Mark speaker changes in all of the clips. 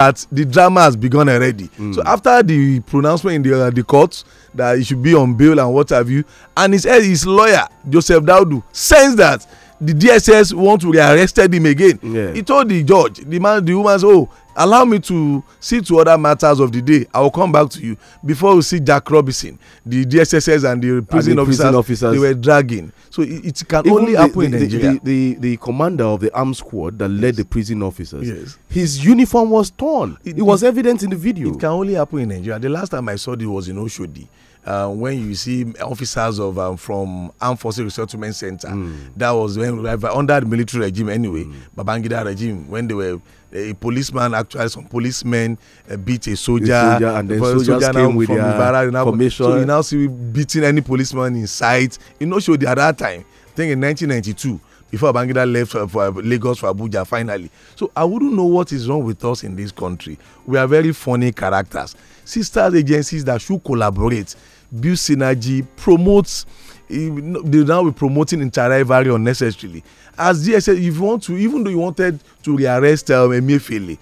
Speaker 1: that the drama has begun already. Mm. So after the pronouncement in the, uh, the court that he should be on bail and what have you, and his, eh, his lawyer Joseph Daudu says that the dss want to rearrest him again yeah. he told the judge the man the woman say oh allow me to see to other matters of the day i will come back to you before we see jack robinson the dsss and the prison, and the prison officers, officers, they were dragging so it, it can Even only the, happen the, in nigeria the, the, the, commander of the armed squad that yes. led the prison officers yes. his uniform was torn it, it was it, evident in the video it can only happen in nigeria the last time i saw this was in oshodi uh, when you see officers of um, from Armed Forces Resettlement Center, mm. that was when under the military regime anyway, mm. Babangida regime, when they were a policeman actually some policemen uh, beat a soldier, a soldier and then soldiers soldier came with their Ibarra, formation. So you now see beating any policeman in sight. You know, show at that time, I think in 1992 before Babangida left uh, for, for uh, Lagos for Abuja finally. So I wouldn't know what is wrong with us in this country. We are very funny characters. Sisters agencies that should collaborate build synergy promote they now be promoting inter-rivalry unnecessarily as dss if you want to even though you wanted to rearrest um, emefiele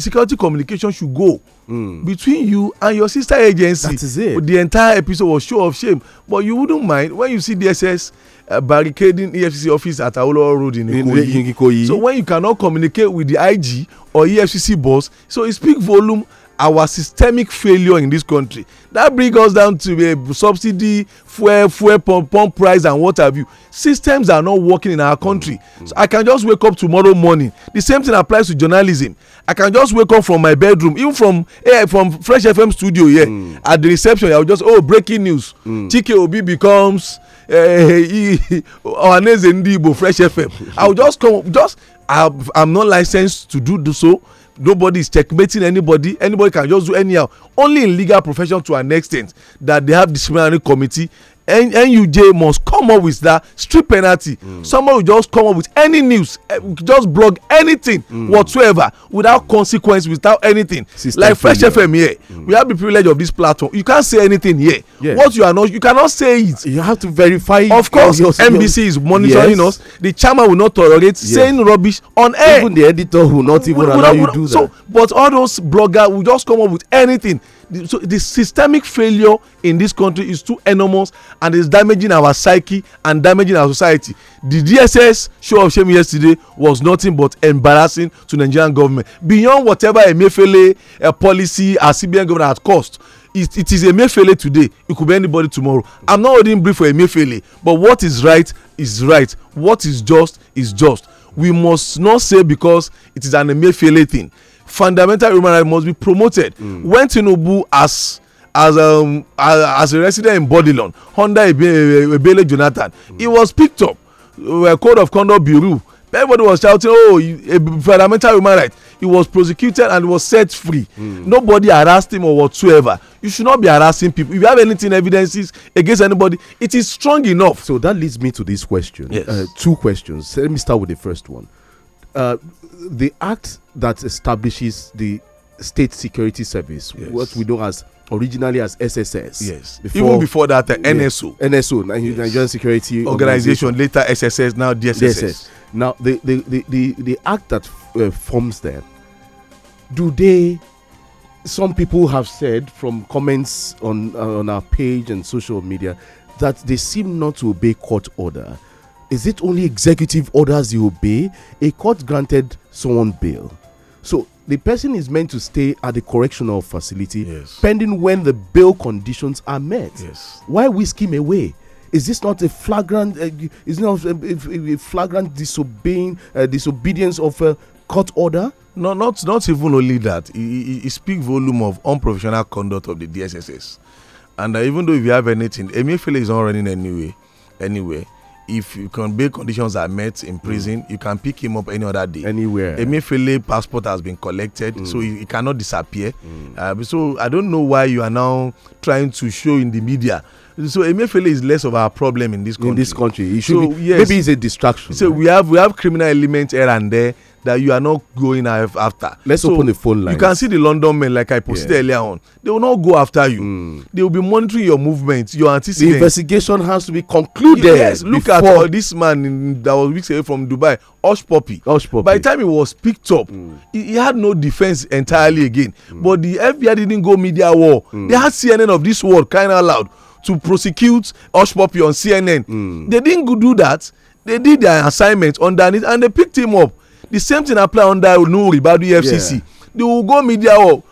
Speaker 1: security communication should go mm. between you and your sister agency that is it the entire episode was show of shame but you wouldn't mind when you see dss uh, barricading efcc office at aolo road in ikoyi so when you cannot communicate with the ig or efcc boss so e speak volume our systemic failure in this country that bring us down to a eh, subsidy fuel fuel pump pump price and what have you systems are not working in our country mm. so i can just wake up tomorrow morning the same thing applies to journalism i can just wake up from my bedroom even from eh, from fresh fm studio here mm. at the reception i will just oh breaking news mm. tkob becomes eh, ohaneze uh, ndigbo fresh fm i will just come just i am not licensed to do so nobody is checkmating anybody anybody can just do anyhow only in legal profession to an extent that they have disciplinary committee N NUJ must come up with that street penalty. Mm. Someone will just come up with any news, eh, just blog anything mm. whatsoever without consequence, without anything. like Fresh FM here, mm. we have the privilege of this platform. You can't say anything here. Yes. What you are not, you cannot say it. You have to verify. Of course, your, NBC is monitoring yes. us. The chairman will not tolerate yes. saying rubbish on air. Even the editor will not even we, allow we, we, you do so, that. So, but all those bloggers will just come up with anything so the systemic failure in this country is too enormous and is damaging our psyche and damaging our society the dss show of shame yesterday was nothing but embarrassing to nigerian government beyond whatever emefiele uh, policy a cbn governor had cost it, it is emefiele today it could be anybody tomorrow i'm not holding brief for emefiele but what is right is right what is just is just we must not say because it is an emefiele thing fundamental human rights must be promoted. Mm. When Tinubu as as um as, a resident in Bodilon under Ebele Jonathan, mm. he was picked up. Uh, Code of Conduct Bureau. Everybody was shouting, "Oh, a fundamental human right!" He was prosecuted and was set free. Mm. Nobody harassed him or whatsoever. You should not be harassing people. If you have anything evidences against anybody, it is strong enough. So that leads me to this question. Yes. Uh, two questions. Let me start with the first one. Uh, the act that establishes the state security service, yes. what we know as originally as SSS. Yes. Before, Even before that, uh, NSO. Yeah, NSO, Nigerian yes. Security Organization, Organization, later SSS, now DSSS. DSS. Now, the, the, the, the, the act that uh, forms them, do they, some people have said from comments on, uh, on our page and social media that they seem not to obey court order is it only executive orders you obey? A court granted someone bail. So the person is meant to stay at the correctional facility yes. pending when the bail conditions are met. Yes. Why whisk him away? Is this not a flagrant? Uh, is not a, uh, a, flagrant disobeying uh, disobedience of a court order? No, not not even only that. It, it, speaks volume of unprofessional conduct of the DSSS. And uh, even though if you have anything, Emefiele is not running anyway. Anyway, if you can be conditions are met in mm. prison mm. you can pick him up any other day anywhere emefiele passport has been collected mm. so he, he, cannot disappear mm. uh, so i don't know why you are now trying to show in the media so emefiele is less of our problem in this country in this country should so, be, yes. maybe it's a distraction so right? we have we have criminal element here and there that you are not going after. Let's so open the phone line. You can see the London men, like I posted yeah. earlier on. They will not go after you. Mm. They will be monitoring your movements, your anticipation. The investigation has to be concluded. Yes, look at this man in, that was weeks away from Dubai, Osh Poppy. Osh Poppy. By the time he was picked up, mm. he, he, had no defense entirely again. Mm. But the FBI didn't go media war. Hmm. They had CNN of this world kind of loud to prosecute Osh Poppy on CNN. Hmm. They didn't do that. They did their assignment underneath and they picked him up the same thing apply under nuri badu efcc yeah. they will go media or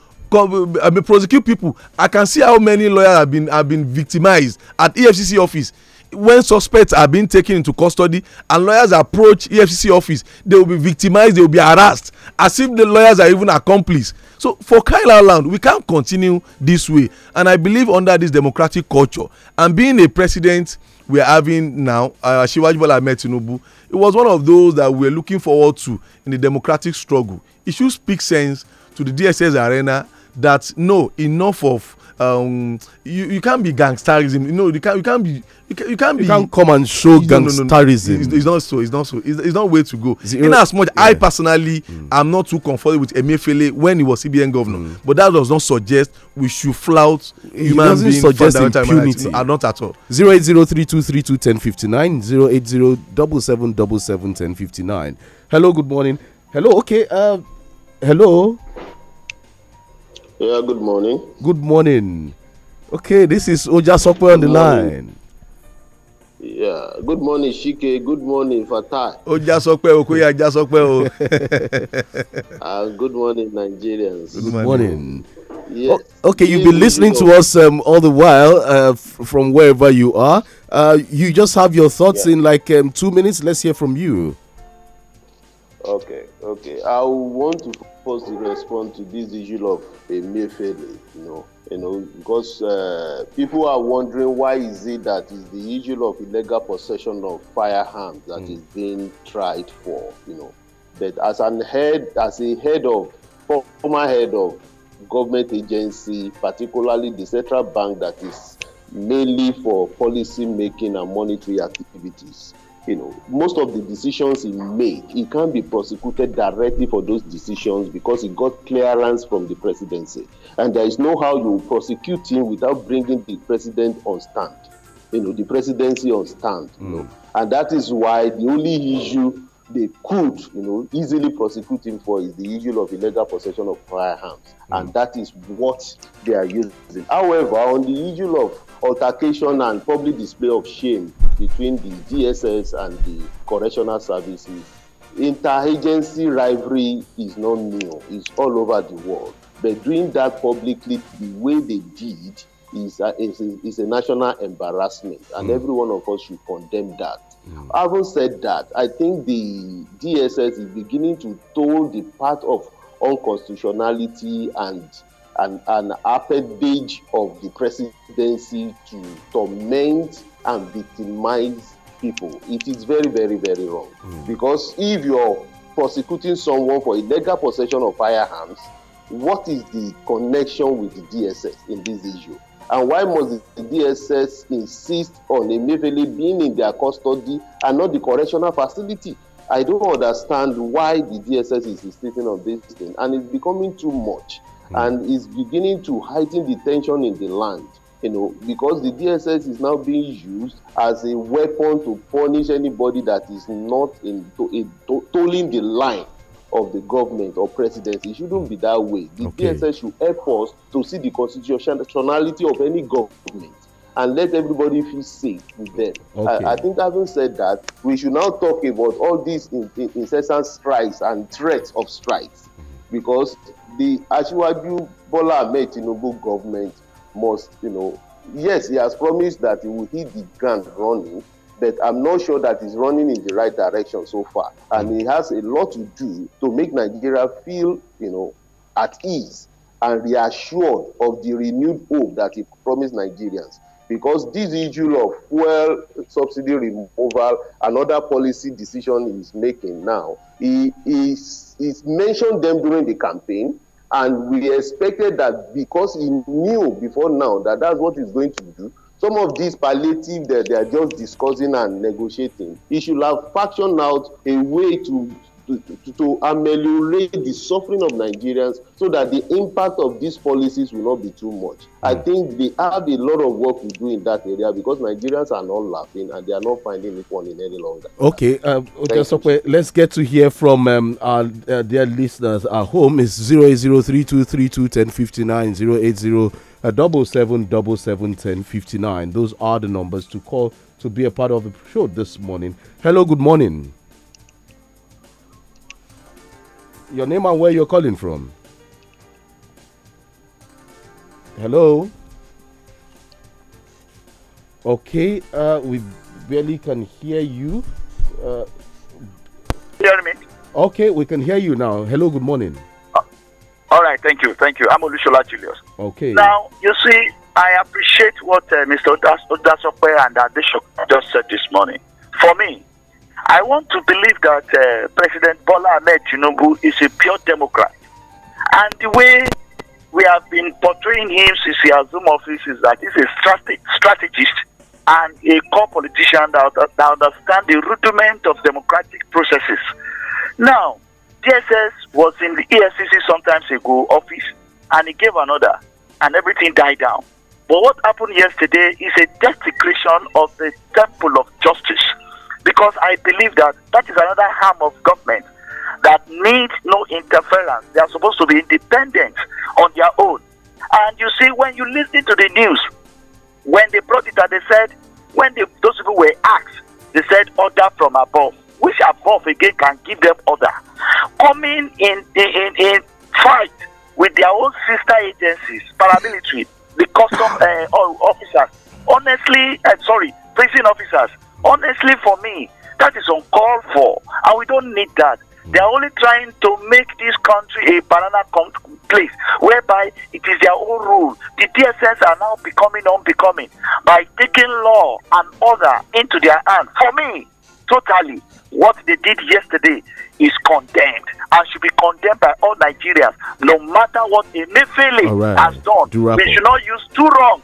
Speaker 1: I mean, prosecute people i can see how many lawyers have been have been victimized at efcc office when suspects are being taken into custody and lawyers approach efcc office they will be victimized they will be harassed as if the lawyers are even accomplices so for Kaila Land, we can't continue this way and i believe under this democratic culture and being a president we are having now uh, shivaji bola ahmed tinubu it was one of those that we were looking forward to in the democratic struggle it should speak sense to the dss arena that no enough of um, you, you can't be gangsterism. You know, you can't you can't be you, can, you can't you be. You can't come and show gangsterism. No, no, no. It's, it's, not so. It's not so. It's, it's not way to go. It, In as much, yeah. I personally mm. am not too comfortable with Emefiele when he was CBN governor, mm. but that does not suggest we should flout it human being suggest impunity. Not at all. Zero eight zero three two three two ten fifty nine zero eight zero double seven double seven ten fifty nine. Hello. Good morning. Hello. Okay. Uh, hello.
Speaker 2: Yeah, good morning.
Speaker 1: Good morning. Okay, this is Oja Sokwe on the line.
Speaker 2: Yeah, good morning Shike, good morning Fatai.
Speaker 1: Oja Sokwe Okoya Oja Sokwe oh.
Speaker 2: uh, Good morning Nigerians. Good morning. Yes. O
Speaker 1: okay, you've been listening to us um, all the while uh, from wherever you are. Uh, you just have your thoughts yeah. in like um, two minutes. Let's hear from you.
Speaker 2: Okay, okay. I want to to respond to this issue of failure, you know, you know, because uh, people are wondering why is it that is the issue of illegal possession of firearms that mm. is being tried for, you know, but as an head, as a head of former head of government agency, particularly the central bank that is mainly for policy making and monetary activities you know, most of the decisions he make, he can't be prosecuted directly for those decisions because he got clearance from the presidency. And there is no how you prosecute him without bringing the president on stand, you know, the presidency on stand. You know. Mm. And that is why the only issue they could, you know, easily prosecute him for is the issue of illegal possession of firearms. Mm. And that is what they are using. However, on the issue of altercation and public display of shame between the DSS and the correctional services. Interagency rivalry is not new, it's all over the world. But doing that publicly the way they did is a, uh, is a, is a national embarrassment, and mm. every one of us should condemn that. Mm. Having said that, I think the DSS is beginning to toll the path of unconstitutionality and an, an appendage of the presidency to torment and victimize people. It is very, very, very wrong. Mm. Because if you're prosecuting someone for illegal possession of firearms, what is the connection with the DSS in this issue? And why must the DSS insist on Emefiele being in their custody and not the correctional facility? I don't understand why the DSS is insisting on this thing, and it's becoming too much. Mm. and is beginning to heighten the tension in the land you know because the dss is now being used as a weapon to punish anybody that is not in to, in to, tolling the line of the government or presidency it shouldn't be that way the okay. dss should help us to see the constitutionality of any government and let everybody feel safe with them. Okay. I, I, think having said that, we should now talk about all these incessant strikes and threats of strikes mm-hmm. because the Asiwaju Bola Ahmed Tinubu government must, you know, yes, he has promised that he will hit the ground running, but I'm not sure that he's running in the right direction so far. And he has a lot to do to make Nigeria feel, you know, at ease and reassured of the renewed hope that he promised Nigerians. Because this issue of fuel subsidy removal, another policy decision he's making now, he, he, mentioned them during the campaign, and we expected that because he knew before now that that's what he's going to do, some of these palliative that they are just discussing and negotiating, he should have fashioned out a way to to, to, ameliorate the suffering of Nigerians so that the impact of these policies will not be too much. I hmm. think they have a lot of work to do in that area because Nigerians are not laughing and they are not finding it funny any longer.
Speaker 3: Okay, uh,
Speaker 2: okay so
Speaker 1: let's get to hear from um, our uh, dear listeners at home. It's 08032321059, 080 uh, Those are the numbers to call to be a part of the show this morning. Hello, good morning. your name and where you're calling from. Hello? Okay, uh, we barely can hear you.
Speaker 4: Uh, hear me?
Speaker 1: Uh, okay, we can hear you now. Hello, good morning. Uh,
Speaker 4: all right, thank you, thank you. I'm Olusola Julius.
Speaker 5: Okay.
Speaker 1: Now,
Speaker 4: you see, I appreciate what uh, Mr. Odasope and Adeshok just said this morning. For me, I want to believe that uh, President Bola Ahmed Tinubu is a pure Democrat. And the way we have been portraying him since he assumed office is that he's a strategist and a core politician that, that, understands the rudiment of democratic processes. Now, DSS was in the ESCC sometimes ago office and he gave another, and everything died down. But what happened yesterday is a desecration of the temple of justice because I believe that that is another harm of government that needs no interference. They are supposed to be independent on their own. And you see, when you listen to the news, when they brought it out, they said, when they, those people were asked, they said, order from above, which above again can give them order. Coming in, in, in fight with their own sister agencies, paramilitary, the custom uh, officers, honestly, uh, sorry, prison officers, Honestly, for me, that is uncalled for, and we don't need that. They are only trying to make this country a banana place whereby it is their own rule. The DSS are now becoming unbecoming by taking law and order into their hands. For me, totally, what they did yesterday is condemned and should be condemned by all Nigerians, no matter what Emefiele right. has done. Durable. We should not use too wrong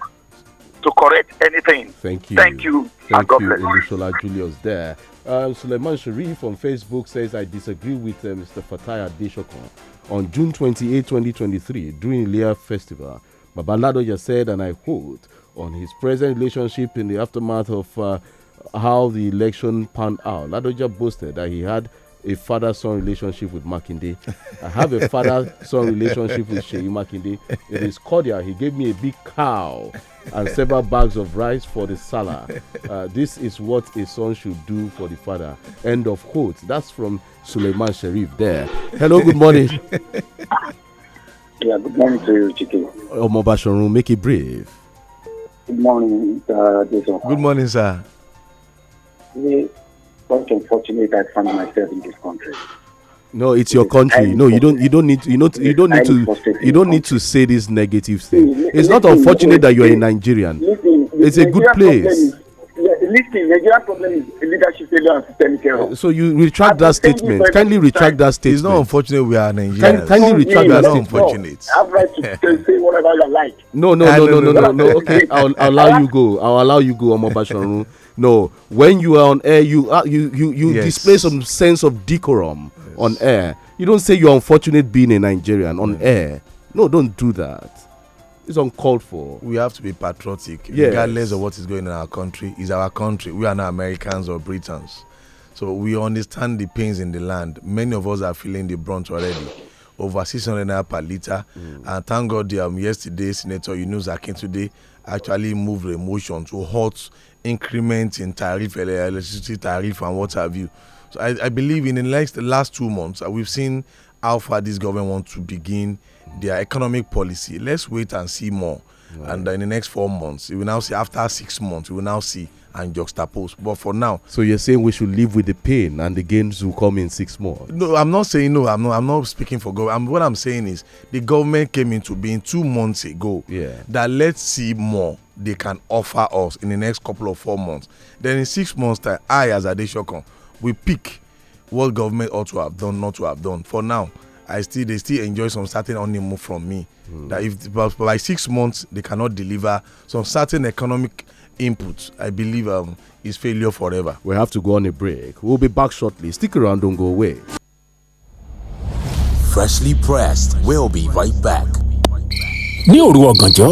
Speaker 4: to correct anything.
Speaker 1: Thank you. Thank you. Thank you, Olusola Julius there. Um, Suleiman Sharif on Facebook says, I disagree with uh, Mr. Fataya Deshokon. On June 28, 2023, during Ilia Festival, Babaladoja said, and I quote, on his present relationship in the aftermath of uh, how the election panned out. Ladoja boasted that he had a father son relationship with Makinde. I have a father son relationship with Sheyi Makinde. It is cordial. He gave me a big cow and several bags of rice for the salah. Uh, this is what a son should do for the father. End of quote. That's from Suleiman Sharif there. Hello, good morning.
Speaker 4: Yeah, good morning to you, Chiki.
Speaker 1: Omo Bashorun, make it brief.
Speaker 4: Good morning, uh, Jason.
Speaker 1: Good morning, sir.
Speaker 4: The quite unfortunate I found myself in this country.
Speaker 1: No, it's your country. No, you don't. You don't need. To, you don't. You don't need to. You don't need to say these negative things. It's not unfortunate that you're a Nigerian.
Speaker 6: It's a good place listen, Nigeria problem is leadership failure and systemic error. So
Speaker 1: you retract that statement. Kindly retract that statement. It's not unfortunate we are Nigerian. kindly retract that statement. Unfortunate.
Speaker 4: I have right to say whatever I like.
Speaker 1: No, no, no, no, no, no, Okay, I'll, allow you go. I'll allow you go, Omo no, when you are on air, you uh, you you you yes. display some sense of decorum yes. on air. You don't say you're unfortunate being a Nigerian on air. No, don't do that. It's uncalled for. We have to be patriotic, yes. regardless of what is going on in our country. Is our country. We are not Americans or Britons, so we understand the pains in the land. Many of us are feeling the brunt already. Over 600 naira per liter, mm. and thank God, um, yesterday Senator Yunus today actually moved a motion to halt increment in tariff, electricity tariff, and what have you. So I, I believe in the next the last two months, uh, we've seen how far this government wants to begin their economic policy. Let's wait and see more. Right. And in the next four months, we will now see. After six months, we will now see and juxtapose. But for now, so you're saying we should live with the pain, and the gains will come in six months. No, I'm not saying no. I'm not. I'm not speaking for government. what I'm saying is the government came into being two months ago. Yeah. That let's see more they can offer us in the next couple of four months. Then in six months' time, I as Adeshokon will pick what government ought to have done, not to have done. For now, I still they still enjoy some certain honeymoon from me. Mm. That if by, by six months they cannot deliver some certain economic input, I believe um, is failure forever. We have to go on a break. We'll be back shortly. Stick
Speaker 7: around, don't go away. Freshly pressed. We'll be right back. ní òru ọ̀gànjọ́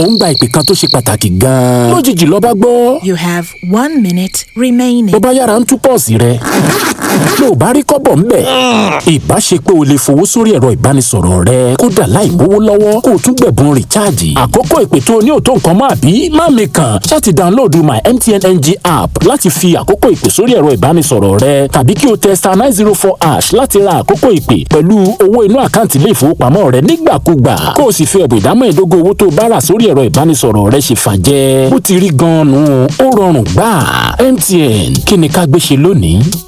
Speaker 7: ó ń gba ìpè kan tó ṣe pàtàkì gan-an. lójijì ló bá gbọ́. you have one minute remaining. bó bá yára ń tú pọ́ọ̀sì rẹ bí o bá rí kọ́bọ̀ ń bẹ̀. ìbá ṣe pé o lè fowó sórí ẹ̀rọ ìbánisọ̀rọ̀ rẹ kódà láì mówó lọ́wọ́ kó o tún gbẹ̀bùn rìchaàjì. àkókò ìpè tó o ní òótọ́ nǹkan máa bí má mi ṣáàtì dáńlóòdù my MTN NG app láti fi àkókò ìpè sórí ẹ̀rọ ìbánisọ̀rọ̀ rẹ tàbí kí o tẹ star nine zero four ash láti ra àkókò ìpè pẹ̀lú owó inú àkáǹtì ilé ìfowópamọ́ rẹ nígbàkúgbà kó o sì fi ẹ̀bùn ìdá mẹ́ẹ̀ẹ́dógún owó tó o bá rà sórí ẹ̀rọ ìbánisọ̀rọ̀ rẹ ṣe fàjẹ́ bó ti rí gan-an nù ó rọrùn gbà MTN kí ni ká gbé ṣe lónìí.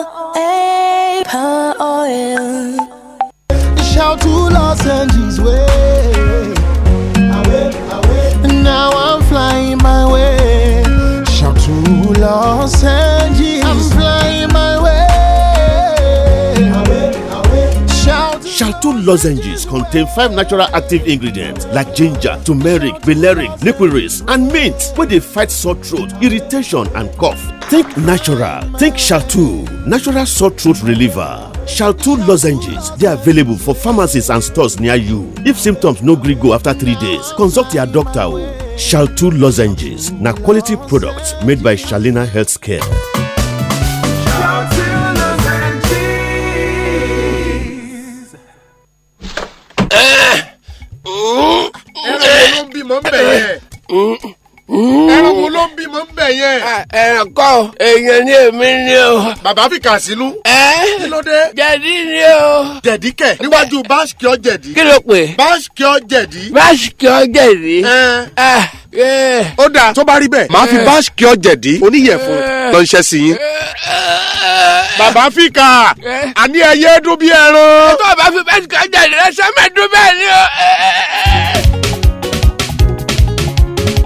Speaker 8: paper oil. Shout to Los Angeles way. Now I'm flying my way. Shout to Los Angeles. I'm flying. Shalto lozenges
Speaker 9: contain five natural active ingredients like ginger, turmeric, valeric, licorice, and mint where they fight sore throat, irritation, and cough. Think natural. Think Shalto, natural sore throat reliever. Shalto lozenges They are available for pharmacies and stores near you. If symptoms no gree go after three days, consult your doctor o. Oh. Shalto lozenges na quality product made by Shalina Healthcare.
Speaker 8: bímọ ń bẹ̀ yẹn ẹranko ló ń bímọ ń bẹ̀ yẹn. Ah, ẹranko èèyàn ni èmi ni o. bàbá fi kà sínú. ẹ kí ló dé. jẹ̀dí ni o. jẹ̀dí kẹ̀ níwájú báṣkìọ́ jẹ̀dí. kí ló pè. báṣkìọ́ jẹ̀dí. báṣkìọ́ jẹ̀dí. ẹ ó dáa tó bá rí bẹ́ẹ̀ máa fi báṣkìọ́ jẹ̀dí oníyẹ̀fun lọ́nṣẹ́ sí yín bàbá fìkà àní ẹyẹ dún bí ẹran. ẹ tó bá fi bẹ́ẹ̀ kọjá ìrẹsẹ́ mẹ́ẹ̀ẹ́dún bẹ́ẹ̀ ni
Speaker 10: o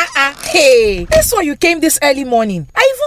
Speaker 11: Hey, that's why you came this
Speaker 12: early morning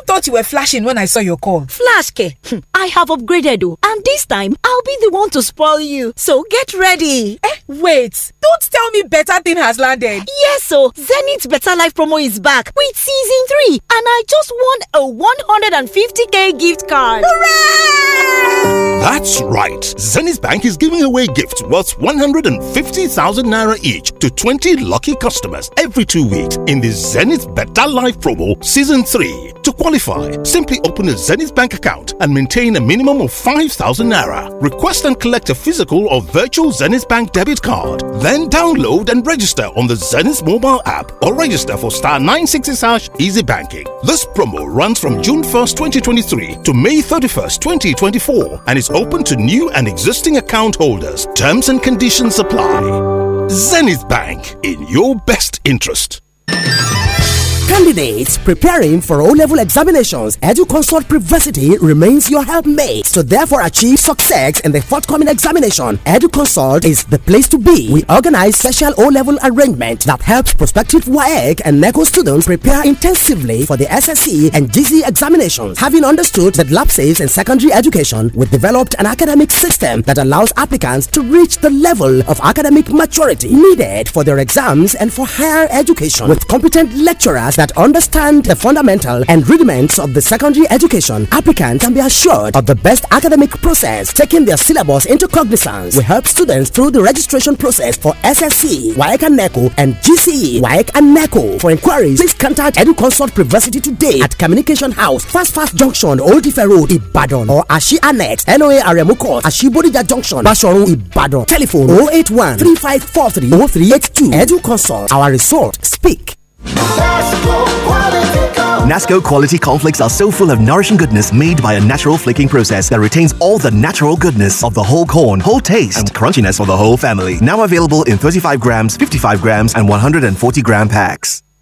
Speaker 12: thought you were flashing when I saw your call. Flash, Ke. Hmm, I have upgraded, oh, and this time I'll be the one to spoil you. So get ready. Eh, wait. Don't tell me better thing has landed. Yes, so oh. Zenith Better Life promo is back with season 3, and
Speaker 13: I just won a 150k gift card. Hooray!
Speaker 9: That's right. Zenith Bank is giving away gifts worth 150,000 naira
Speaker 1: each to 20 lucky customers every two weeks in the Zenith Better Life promo season 3. To qualify qualify, simply open a Zenith Bank account and maintain a minimum of 5,000 Naira. Request and collect a physical or virtual Zenith Bank debit card. Then download and register on the Zenith mobile app or register for star 960 hash easy banking. This promo runs from June 1st, 2023 to May 31st, 2024 and is open to new and existing account holders. Terms and conditions apply. Zenith Bank, in your best interest.
Speaker 14: Candidates preparing for O-level examinations, EduConsult Privacy remains your helpmate. So therefore achieve success in the forthcoming examination. EduConsult is the place to be. We organize special O-level arrangement that helps prospective WAEC and NECO students prepare intensively for the SSE and GC examinations. Having understood that lapses in secondary education, we developed an academic system that allows applicants to reach the level of academic maturity needed for their exams and for higher education with competent lecturers that understand the fundamental and rudiments of the secondary education, applicants can be assured of the best academic process, taking their syllabus into cognizance. We help students through the registration process for SSC, WAEC and NECO, and GCE, WAEC and NECO. For inquiries, please contact EduConsult Privacy today at Communication House, Fast Fast Junction, Old Ife Road, Ibadan, or Ashi Annex, NOA Aremu Court, Ashibodija Junction, Bashorun, Ibadan. Telephone 081 3543 0382. EduConsult, our resort. Speak.
Speaker 9: Nasco quality cornflakes are so full of nourishing goodness made by a natural flaking process that retains all the natural goodness of the whole corn, whole taste, and crunchiness for the whole family. Now available in 35 grams,
Speaker 1: 55 grams, and 140 gram packs.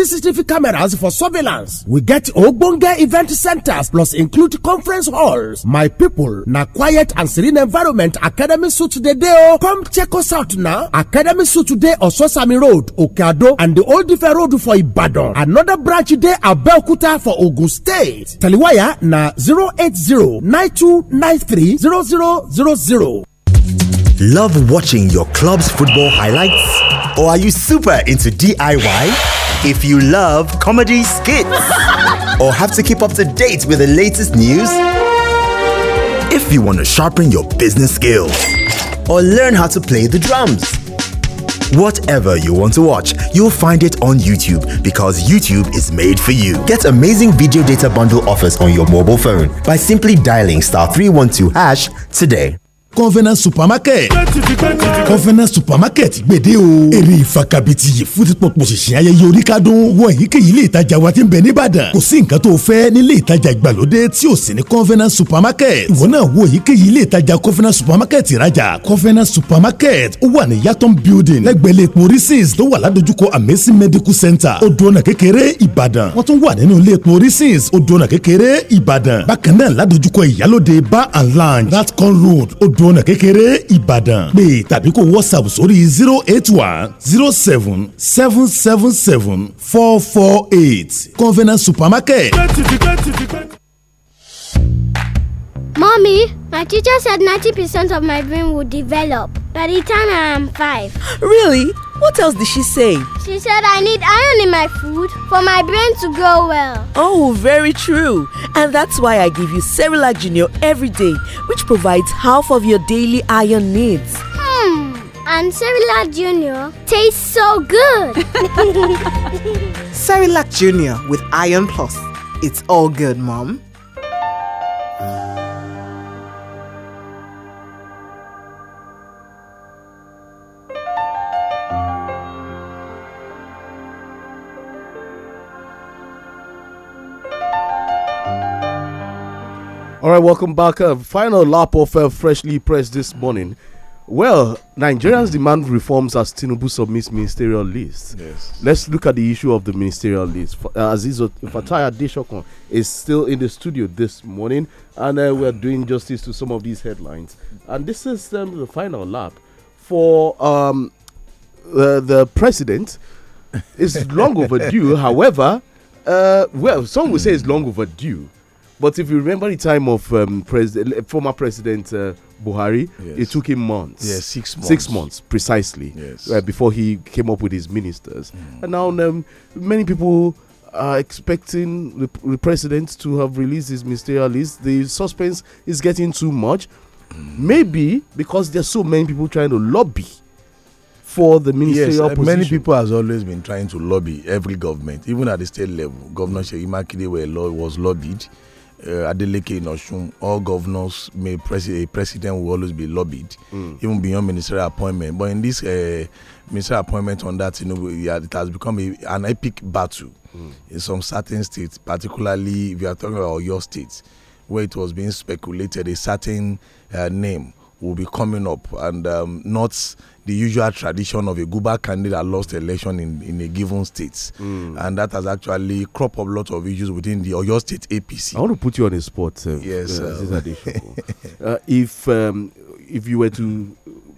Speaker 8: CCTV cameras for surveillance. We get ogbonge event centers plus include conference halls. My people, na quiet and serene environment Academy Suit today. dey o. Come check us out now. Academy Suit today on Sosami Road, Okeado and the Old Ife Road for Ibadan. Another branch at Belkuta for Ogun State. Taliwaya na 08092930000.
Speaker 14: Love watching your club's football highlights? Or
Speaker 9: are you super into DIY? If you love comedy skits
Speaker 14: or have to keep up to date with the latest news, if you want to sharpen your business skills or learn how to play the drums, Whatever
Speaker 15: you want to watch, you'll find it on YouTube because YouTube is made for you. Get amazing video data bundle offers on your mobile phone by simply dialing star 312 hash
Speaker 1: today. convenience supermarket convenience supermarket gbèdé o èrè ìfakabiti yìí fún títpọ̀pọ̀ ṣìṣìn ayẹyẹ oríkádún wọ èyíkéyìí ilé ìtajà wa tí ń bẹ nìbàdàn kò sí nǹkan tó fẹ́ nílé ìtajà ìgbàlódé tí ò sí ní convenience supermarket ìwọ náà wo èyíkéyìí ilé ìtajà convenience supermarket ìrajà convenience supermarket ó wà ní yàtọ̀m building lẹ́gbẹ̀lẹ́ epo reasons tó wà ládojúkọ amesi medical center odòọ̀nà kékeré ìbàdàn wọ́n tún wà nínú ilé epo reasons odòọ̀nà kékeré ìbàdàn bákan náà bar and lounge ratcon road odò ẹ̀dùn ọ̀nà kékeré ìbàdàn pé tàbí kó whatsapp sórí zero eight one zero seven seven seven seven four four eight convenience supermarket.
Speaker 13: Mommy, my teacher said 90% of my brain will develop by the time I am five. Really? What
Speaker 12: else did she say?
Speaker 13: She said I need iron in my food for my brain to grow well. Oh,
Speaker 12: very true. And that's why I give you Cerilac Junior every day, which provides half of your daily iron needs.
Speaker 13: Hmm. And Cerilac Junior tastes so good.
Speaker 12: Cerilac Junior with Iron Plus. It's all good, Mom.
Speaker 1: All right, welcome back. Uh, final lap of uh, freshly pressed this morning. Well, Nigerians demand reforms as Tinubu submits ministerial list. Yes. Let's look at the issue of the ministerial list. Uh, Aziz mm-hmm. Fataya Deshokon is still in the studio this morning, and uh, we're mm-hmm. doing justice to some of these headlines. And this is um, the final lap for um, uh, the president. It's long overdue. However, uh, well, some will say it's long overdue but if you remember the time of um, president, former President uh, Buhari, yes. it took him months. Yeah, six months. Six months, precisely. Yes. Uh, before he came up with his ministers. Mm. And now um, many people are expecting the, the, president to have released his ministerial list. The suspense is getting too much. Mm. Maybe because there's so many people trying to lobby for the ministerial yes, uh, Many people has always been trying to lobby every government, even at the state level. Governor Sheikh Imakide was lobbied. uh, Adeleke in Oshun, all governors, may pres a president will always be lobbied, mm. even beyond ministerial appointment. But in this uh, ministerial appointment on that, you know, it has become a, an epic battle mm. in some certain states, particularly if you are talking about your state, where it was being speculated a certain uh, name will be coming up and um, not the usual tradition of a Guba candidate lost election in, in a given state. Mm. And that has actually crop up a lot of issues within the Oyo State APC. I want to put you on the spot. Uh, yes. Uh, uh, if, um, if you were to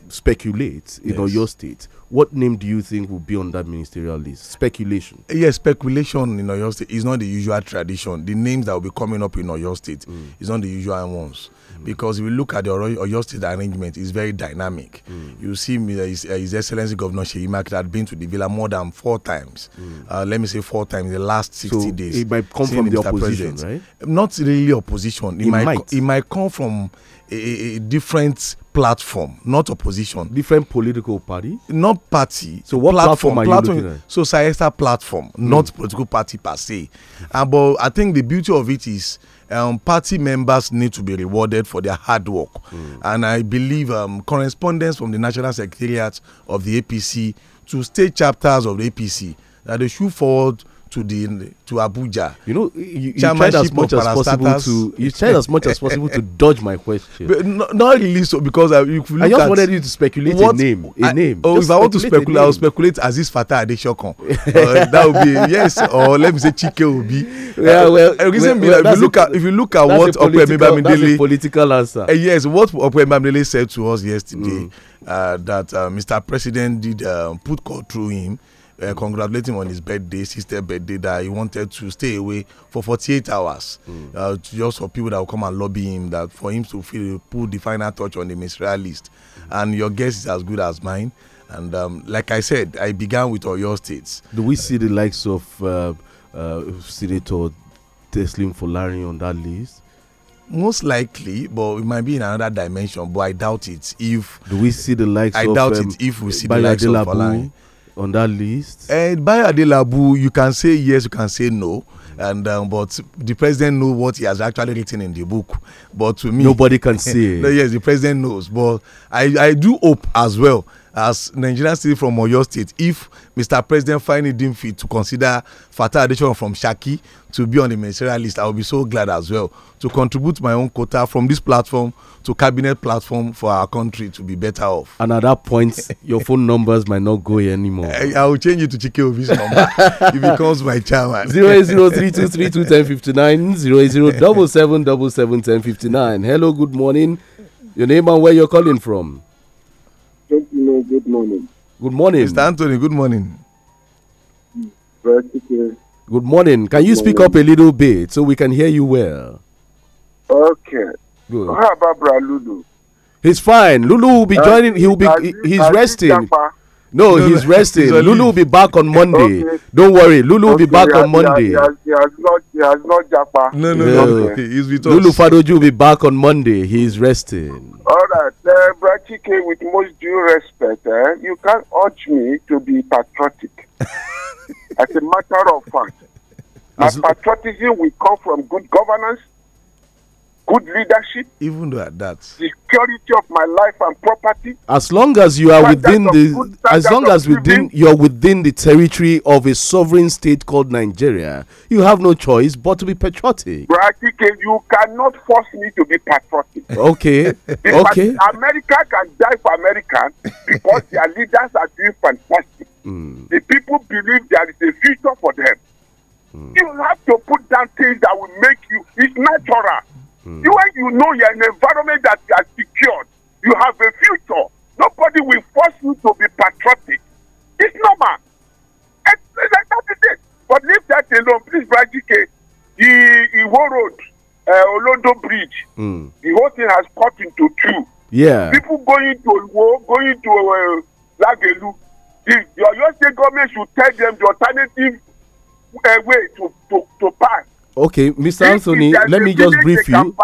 Speaker 1: speculate in yes. Oyo State, what name do you think will be on that ministerial list? Speculation. Yes, speculation in Oyo State is not the usual tradition. The names that will be coming up in Oyo State mm. is not the usual ones. Mm. Because if you look at the Oyo State arrangement, it's very dynamic. Mm. You see, His, uh, His Excellency Governor Sheyimak had been to the villa more than four times. Mm. Uh, let me say four times in the last 60 so days. It might come from the Mr. opposition, President. right? Not really opposition. It, it might, might. It might come from a, a different platform, not opposition. Different political party? Not party. So what platform, platform are you platform, looking at? platform, mm. not political party per se. Uh, but I think the beauty of it is um, party members need to be rewarded for their hard work. Mm. And I believe um, correspondence from the National Secretariat of the APC to state chapters of the APC that they should forward to the to Abuja. You know, you, you tried as much as possible to you tried as much as possible to dodge my question. But not, not really so because I, you I just wanted you to speculate what, a name, a I, name. Oh, just if I want to speculate, I'll speculate as this Fatah Adeshokon. uh, that would be yes, or let me say Chike will be. Yeah, uh, well, uh, well, if you look a, at if you look at what Okwemebamidele political answer. Uh, yes, what Okwemebamidele said to us yesterday mm. uh, that uh, Mr. President did uh, put through him uh, congratulate him on his birthday, sister birthday, that he wanted to stay away for 48 hours. Mm. Uh, just for people that will come and lobby him, that for him to feel put the final touch on the ministerial list. Mm. And your guess is as good as mine. And um, like I said, I began with all your states. Do we see the likes of uh, uh, Senator Teslim Folari on that list? most likely but it might be in another dimension but i doubt it if do we see the likes i of, doubt um, it if we see the likes of Falani on that list? And eh, by Adelabu, you can say yes, you can say no. And um, but the president knows what he has actually written in the book. But to me, nobody can say. no, yes, the president knows. But I, I do hope as well as nigerian City from oyo state if mr president finally deem fit to consider fatai addition from shaki to be on the ministerial list i will be so glad as well to contribute my own quota from this platform to cabinet platform for our country to be better off. and at that point your phone numbers might not go anymore. I, eh, I, will change it to chike obi's number he becomes my chairman. zero eight zero three two three two ten fifty nine zero eight zero double seven double seven ten fifty nine hello good morning your name and where you're calling from.
Speaker 2: Anthony, good morning.
Speaker 1: Good morning. Mr. Anthony, good morning. Good morning. Can you speak up a little bit so we can hear you well?
Speaker 6: Okay. Good. How about Bra Lulu?
Speaker 1: He's fine. Lulu will be uh, joining. He will be. He's resting. No, he's resting. He's Lulu will be back on Monday. Okay. Don't worry, Lulu will be back on Monday. He has,
Speaker 6: he has, not, he has not japa. No, no, no. no. He's with Lulu us. Fadoju
Speaker 1: will be back on Monday. He is resting.
Speaker 6: All right, uh, Brachike, with most due respect, eh, you can't urge me to be patriotic. As a matter of fact, my patriotism will come from good governance good leadership. Even at that. Security of my life and property. As
Speaker 1: long as you are within the, as long as within you're within the territory of a sovereign state called Nigeria, you have no choice but to be
Speaker 6: patriotic. Brachike, you cannot force me to be patriotic.
Speaker 1: okay. okay.
Speaker 6: America can die for America because their leaders are doing fantastic. Mm. The people believe there is a future for them. Mm. You have to put down things that will make you. It's natural. Mm. When you know you're in an environment that you are secured, you have a future. Nobody will force you to be patriotic. It's normal. It's, it's, that is it. But leave that alone, please, Brajike. The Iwo Road, uh, Bridge, mm. the whole thing has cut into two. Yeah. People going to Iwo, going to uh, Lagelu. The, your, your state government should tell them the alternative uh, way
Speaker 1: to, to, to pass Okay, Mr. Anthony, let me just brief you.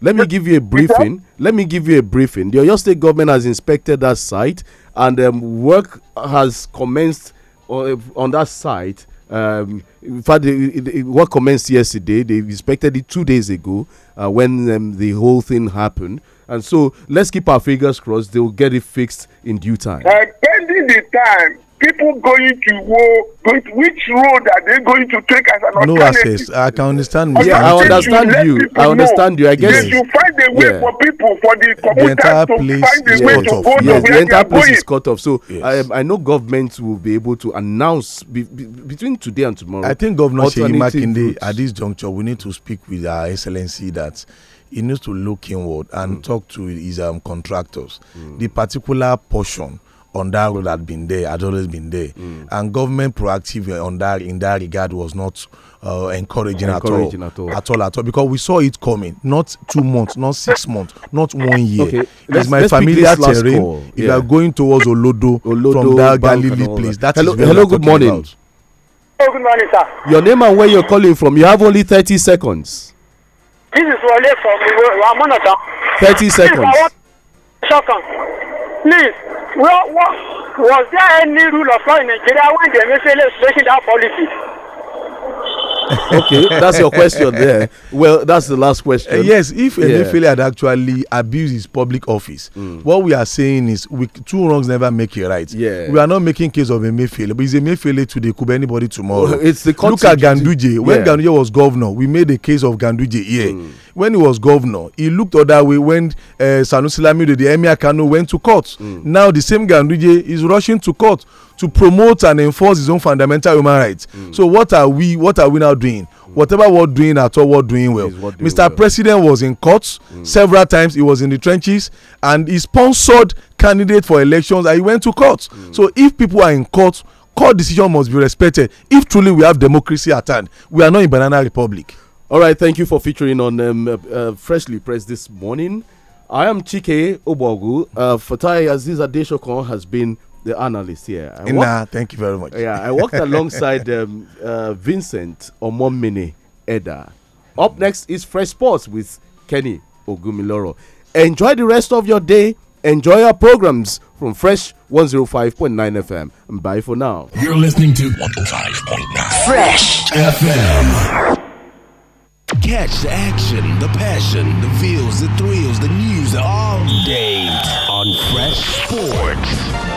Speaker 1: Let me give you a briefing. Let me give you a briefing. The Oyo State government has inspected that site and um, work has commenced uh, on that site. Um, in fact, the, work commenced yesterday. They inspected it two days ago uh, when um, the whole thing happened. And so let's keep our fingers crossed. They will get it fixed in due time.
Speaker 6: Uh, pending the time, people going to war, which road are they going to take as an no access
Speaker 1: i can understand mr yeah, i understand you i understand you i guess yes. you
Speaker 6: find a way yeah. for people for the commuters
Speaker 1: to find a way cut to off. go yes. to where the entire place going. is cut off so yes. I, I know government will be able to announce be, be, between today and tomorrow i think governor Sheyi at this juncture we need to speak with our excellency that he needs to look inward and mm. talk to his um, contractors mm. the particular portion on that road had been there, had always been there. Mm. And government proactive eh, on that in that regard was not uh, encouraging, encouraging at, all, at all, at all, at all, because we saw it coming. Not two months, not six months, not one year. Okay, it's my familiar terrain. Call. If yeah. you are going towards Olodo, Olodo from that Galilee place, that hello, hello good morning. About. Hello, good morning, sir. Your name and where you're calling from. You have only thirty seconds.
Speaker 6: This is Wale from Ramonata. Thirty seconds. Please, what, was there any rule of law in Nigeria
Speaker 4: when they made legislation that policy?
Speaker 5: okay, that's your question
Speaker 1: there. Well, that's the last question. Uh, yes, if Emefiele yeah. had actually abused his public office, mm. what we are saying is we, two wrongs never make a right. Yeah. We are not making case of Emefiele, but is Emefiele today could be anybody tomorrow. Well, it's the Look at Ganduje. When yeah. Ganduje was governor, we made a case of Ganduje here. Mm. When he was governor, he looked other way when uh, eh, Sanusi Lamido, the Emir Kano, went to court. Mm. Now the same Ganduje is rushing to court to promote and enforce his own fundamental human rights. Mm. So what are we what are we now doing. Whatever we're doing at all, we're doing well. Doing Mr. Well. President was in courts mm. several times. He was in the trenches and he sponsored candidate for elections and he went to court. Mm. So if people are in court, court decision must be respected. If truly we have democracy at hand, we are not in banana republic. All right, thank you for featuring on um, uh, uh Freshly Pressed this morning. I am Chike Obogu. Uh, Fatai Aziz Adeshokon has been the analyst here. I thank you very much. Yeah, I worked alongside um, uh, Vincent Omomini Eda. Up next is Fresh Sports with Kenny Ogumiloro. Enjoy the rest of your day. Enjoy our programs from Fresh 105.9 FM. bye for now. You're
Speaker 7: listening to 105.9 Fresh FM.
Speaker 1: Catch the action, the passion, the feels, the thrills, the news all day
Speaker 14: on Fresh Sports.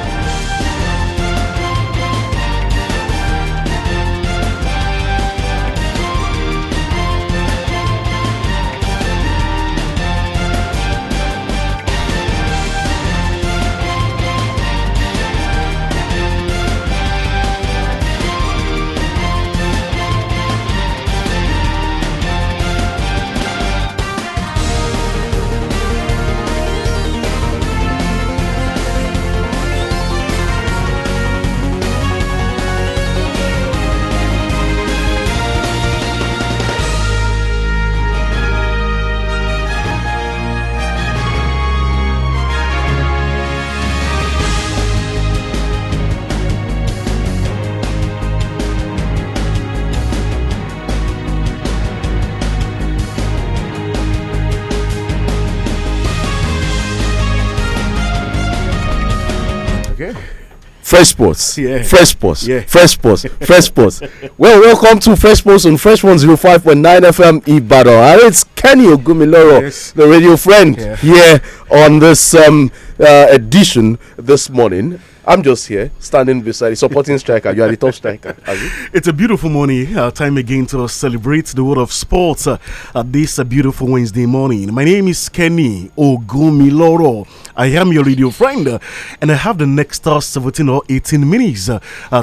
Speaker 1: Fresh Sports. Yeah. Fresh Sports. Yeah. Fresh Sports. Fresh Sports. well, welcome to Fresh Sports on Fresh 105.9 FM Ibadan. And it's Kenny Ogumiloro, yes. the radio friend, yeah. here on this um, uh, edition this morning. I'm just here, standing beside the supporting striker. You are the top striker. It's a beautiful morning. Uh, time again to celebrate the world of sports uh, uh, this uh, beautiful Wednesday morning. My name is Kenny Ogumiloro. I am your radio friend, and I have the next 17 or 18 minutes uh,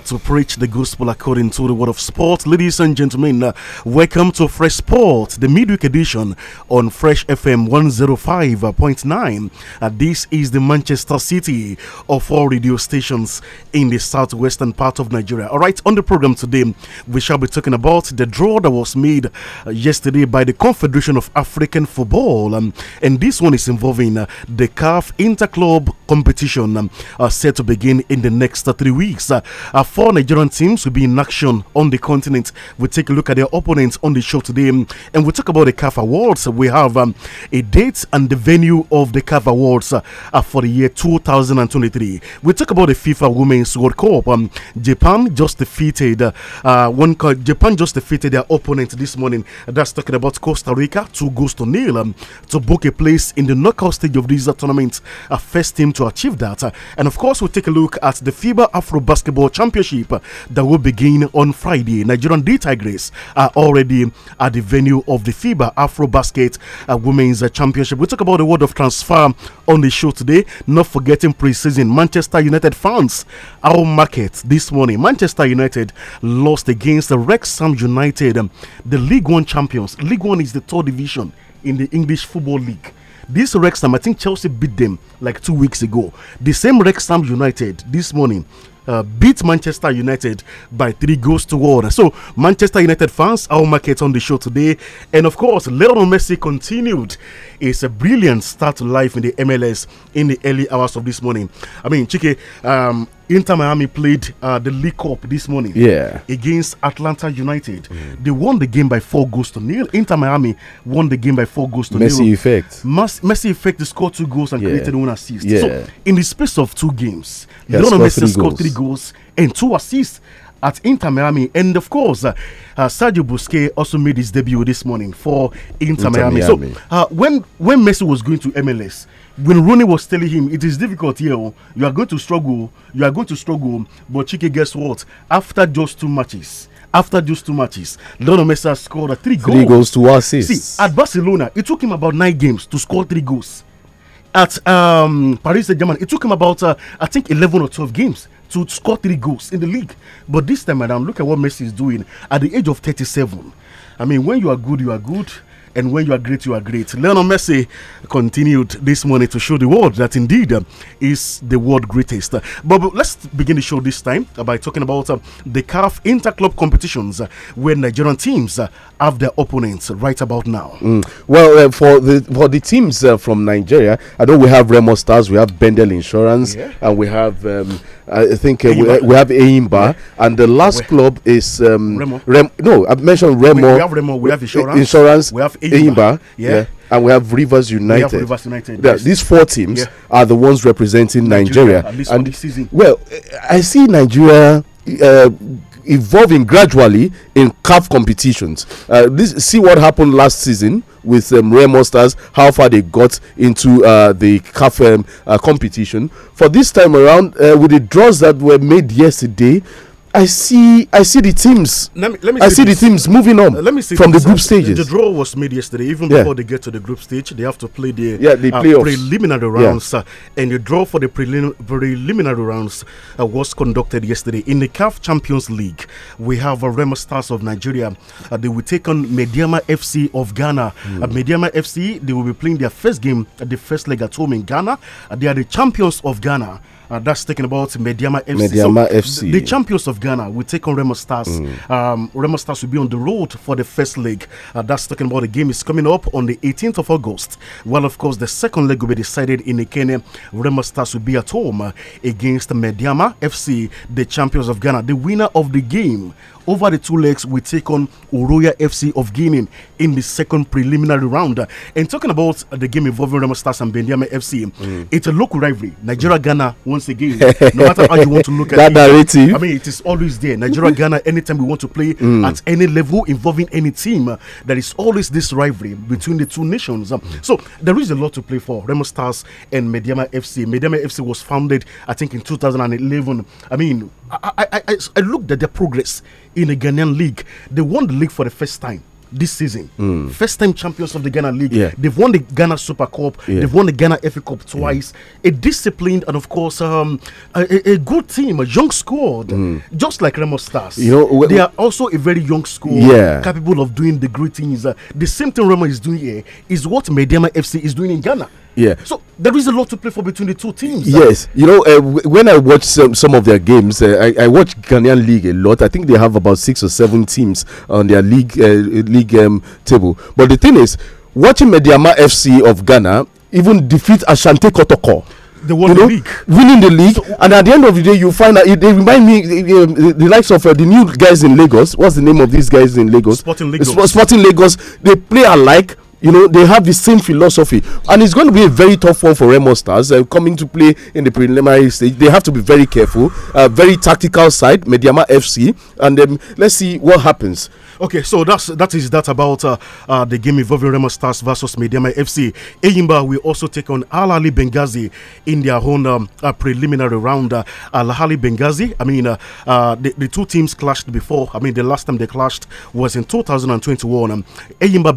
Speaker 1: to preach the gospel according to the word of sport. Ladies and gentlemen, uh, welcome to Fresh Sport, the midweek edition on Fresh FM 105.9. Uh, this is the Manchester City of all radio stations in the southwestern part of Nigeria. All right, on the program today, we shall be talking about the draw that was made uh, yesterday by the Confederation of African Football, um, and this one is involving the CAF. in inter-club competition um, uh, set to begin in the next three weeks. Uh, uh, four Nigerian teams will be in action on the continent. We'll take a look at their opponents on the show today, um, and we'll talk about the CAF Awards. We have um, a date and the venue of the CAF Awards uh, for the year 2023. We'll talk about the FIFA Women's World Cup. Um, Japan just defeated one. Japan just defeated their opponent this morning. That's talking about Costa Rica, two goals to nil um, to book a place in the knockout stage of this uh, tournament first team to achieve that. and of course, we'll take a look at the FIBA Afro Basketball Championship that will begin on Friday. Nigerian D Tigers are already at the venue of the FIBA Afro Basket uh, Women's Championship. We'll talk about the world of transfer on the show today. Not forgetting preseason Manchester United fans. Our market this morning. Manchester United lost against the Wrexham United, um, the League One champions. League One is the third division in the English Football League. This Wrexham, I think Chelsea beat them like two weeks ago. The same Wrexham United this morning uh, beat Manchester United by three goals to one. So, Manchester United fans, our market on the show today. And of course, Lionel Messi continued. It's a uh, brilliant start to life in the MLS in the early hours of this morning. I mean, Chike, um, Inter Miami played uh, the League Cup this morning. Yeah. Against Atlanta United, mm. they won the game by four goals to nil. Inter Miami won the game by four goals to Messi nil. Messi effect. Mas Messi effect. They scored two goals and yeah. created one assist. Yeah. So in the space of two games, yeah, Lionel Messi three scored three goals and two assists at Inter Miami. And of course, uh, uh, Sergio Busquets also made his debut this morning for Inter, Inter Miami. Miami. So uh, when when Messi was going to MLS, when Rooney was telling him it is difficult here, oh. you are going to struggle, you are going to struggle. Oh. But Chike, guess what? After just two matches, after just two matches, Lionel Messi scored three, three goals. goals to assists. See, at Barcelona, it took him about nine games to score three goals. At um, Paris Saint Germain, it took him about uh, I think eleven or twelve games to score three goals in the league. But this time around, look at what Messi is doing at the age of thirty-seven. I mean, when you are good, you are good. And when you are great, you are great. Lionel Messi continued this morning to show the world that indeed uh, is the world greatest. But, but, let's begin the show this time by talking about uh, the CAF interclub competitions uh, where Nigerian teams uh, have their opponents right about now. Mm. Well, uh, for the for the teams uh, from Nigeria, I know we have Remo Stars, we have Bendel Insurance, yeah. and we have. Um, I think uh, we, we, have Aimba, yeah. and the last club is um, Remo. Rem, no, I've mentioned Remo. We, we, have Remo. We have insurance. Uh, insurance. We have Aimba. yeah. yeah. And we have Rivers United. Have Rivers United yeah, these four teams are the ones representing Nigeria. Nigeria and, Well, I see Nigeria uh, evolving gradually in calf competitions. Uh, this, see what happened last season with um, Rare Monsters, how far they got into uh, the calf um, uh, competition. For this time around, uh, with the draws that were made yesterday, I see I see the teams. Let me, let me I see the teams moving on. Uh, let me see from the group uh, stages. The, draw was made yesterday. Even yeah. before they get to the group stage, they have to play the yeah the uh, preliminary rounds. Yeah. Uh, and the draw for the prelim preliminary rounds uh, was conducted yesterday in the CAF Champions League. We have uh, Remo Stars of Nigeria. Uh, they will take on Mediama FC of Ghana. Mm. Mediama FC they will be playing their first game at the first leg at home in Ghana. they are the champions of Ghana. Uh, that's talking about Mediama FC. Mediama so FC. The champions of Ghana will take on Remo Stars. Mm. Um, Remo Stars will be on the road for the first leg. Uh, that's talking about the game is coming up on the 18th of August. Well, of course, the second leg will be decided in Ikene. Remo Stars will be at home uh, against Mediama FC, the champions of Ghana. The winner of the game over the two legs we take on Oroya FC of Guinea in the second preliminary round. And talking about the game involving Remo Stars and Bendiame FC, mm. it's a local rivalry. Nigeria mm. Ghana, once again, no matter how you want to look at that it, narrative. I mean, it is always there. Nigeria mm-hmm. Ghana, anytime we want to play mm. at any level involving any team, there is always this rivalry between the two nations. Mm. so there is a lot to play for Remo Stars and Mediama FC. Mediama FC was founded, I think, in 2011. I mean, I, I, I, I looked at the progress in the Ghanaian league. They won the league for the first time this season. Mm. First time champions of the Ghana League. Yeah. They've won the Ghana Super Cup. Yeah. They've won the Ghana FA Cup twice. Yeah. Hmm. A disciplined and, of course, um, a, a, good team, a young squad, mm. just like Remo Stars. You know, they are also a very young squad, capable of doing the great things. Uh, the same thing Remo is doing here is what Medema FC is doing in Ghana. Yeah. So there is a lot to play for between
Speaker 5: the two teams. Yes.
Speaker 1: You know, uh, when I watch some, some of their games, uh, I, I, watch Ghanaian league a lot. I think they have about six or seven teams on their league uh, league um, table. But the thing is, watching Mediama FC of Ghana even defeat Ashanti Kotoko they won you know, the league. Winning the league, so, and at the end of the day, you find that it, they remind me uh, um, the, the, likes of uh, the new guys in Lagos. What's the name of these guys in Lagos? Sporting Lagos. Sporting Lagos. They play alike, you know they have the same philosophy and it's going to be a very tough one for Remo Stars uh, coming to play in the preliminary stage they have to be very careful uh, very tactical side Mediama FC and um, let's see what happens Okay, so that's that is that about uh, uh, the game involving Remo Stars versus Mediama FC. Eyimba will also take on Al Ali Benghazi in their own um, uh, preliminary round. Uh, Al Ali Benghazi. I mean, uh, uh, the, the two teams clashed before. I mean, the last time they clashed was in 2021. Um,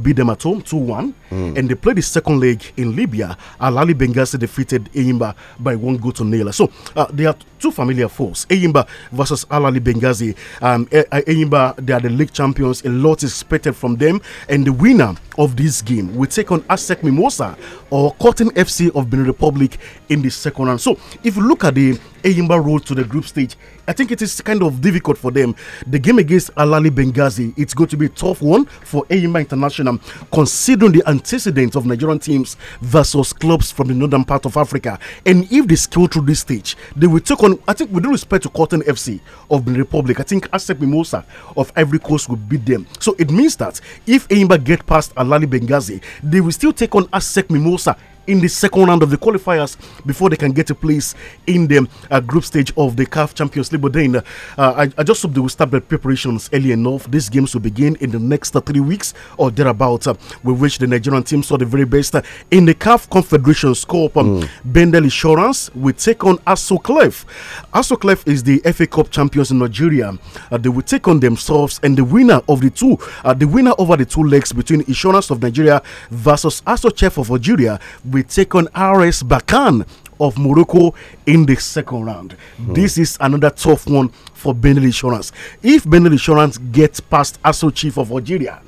Speaker 1: beat them at home 2-1, mm. and they played the second leg in Libya. Al Ali Benghazi defeated Eyimba by one goal to nil. So uh, they are two familiar foes. Eyimba versus Al Ali Benghazi. Um, Eyimba, they are the league champions. A lot is expected from them. And the winner of this game will take on Asec Mimosa or Cotton FC of Benin Republic in the second round. So if you look at the Eyimba road to the group stage, I think it is kind of difficult for them. The game against Alali Benghazi, it's going to be a tough one for AIMA International, considering the antecedents of Nigerian teams versus clubs from the northern part of Africa. And if they scale through this stage, they will take on, I think, with due respect to Cotton FC of the Republic, I think Asep Mimosa of Ivory Coast will beat them. So it means that if AIMA get past Alali Benghazi, they will still take on Asep Mimosa in the second round of the qualifiers before they can get a place in the uh, group stage of the CAF Champions League. But then, uh, I, I, just hope they will start their preparations early enough. These games will begin in the next uh, three weeks or thereabouts. we uh, wish the Nigerian team saw the very best uh, in the CAF Confederation Cup. Um, mm. Bendel Insurance will take on Asoclef. Asoclef is the FA Cup champions in Nigeria. they will take on themselves and the winner of the two, the winner over the two legs between Insurance of Nigeria versus Asochef of Algeria will take on RS Bakan of Morocco in the second round. Mm. This is another tough one for Benel Insurance. If Benel Insurance gets past ASO Chief of Algeria,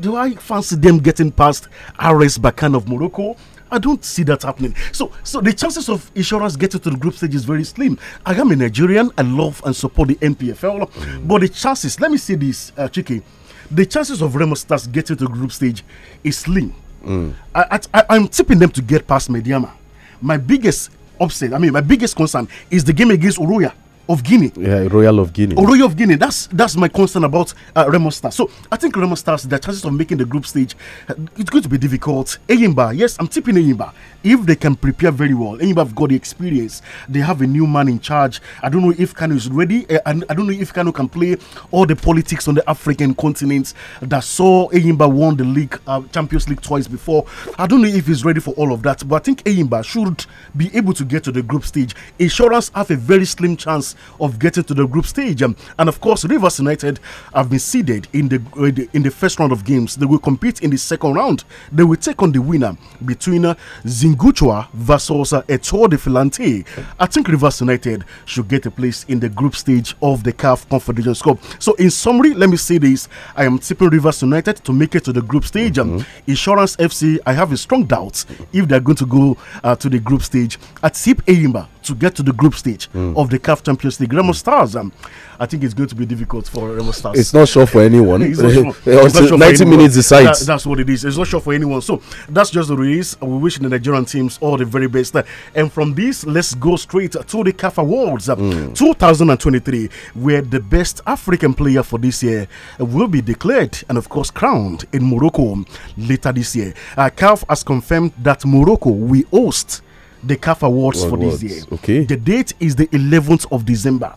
Speaker 1: do I fancy them getting past RS Bakan of Morocco? I don't see that happening. So, so the chances of insurance getting to the group stage is very slim. I am a Nigerian. I love and support the NPFL, mm. but the chances. Let me say this, uh, Chiki. The chances of Remo Stars getting to the group stage is slim. Mm. I, am tipping them to get past Mediama. My biggest upset, I mean, my biggest concern is the game against Uruya of Guinea. Yeah, Royal of Guinea. or oh, Royal of Guinea. That's that's my concern about uh, Remo Stars. So I think Remo Stars, the chances of making the group stage, uh, it's going to be difficult. Eyimba, yes, I'm tipping Eyimba. If they can prepare very well, Eyimba have got the experience. They have a new man in charge. I don't know if Kano is ready, uh, and I don't know if Kano can play all the politics on the African continent that saw Eyimba won the league uh, Champions League twice before. I don't know if he's ready for all of that, but I think Eyimba should be able to get to the group stage. Insurance have a very slim chance of getting to the group stage. Um, and of course, Rivers United have been seeded in the, uh, the, in the first round of games. They will compete in the second round. They will take on the winner between uh, Zinguchua versus uh, de Filante. I think Rivers United should get a place in the group stage of the CAF Confederation Cup. So, in summary, let me say this: I am tipping Rivers United to make it to the group stage. Mm -hmm. um, mm-hmm. Insurance FC, I have a strong doubt if they're going to go uh, to the group stage. I tip Aimba to get to the group stage mm. of the CAF Champions League. Remo mm. Stars, um, I think it's going to be difficult for Remo Stars. It's not sure for anyone. it's not sure. it's not sure 90 minutes decides. That, that's what it is. It's not sure for anyone. So that's just the release. We wish the Nigerian teams all the very best. And from this, let's go straight to the CAF Awards um, mm. 2023, where the best African player for this year will be declared and, of course, crowned in Morocco later this year. Uh, CAF has confirmed that Morocco will host the CAF Awards for this year. Okay. The date is the 11th of December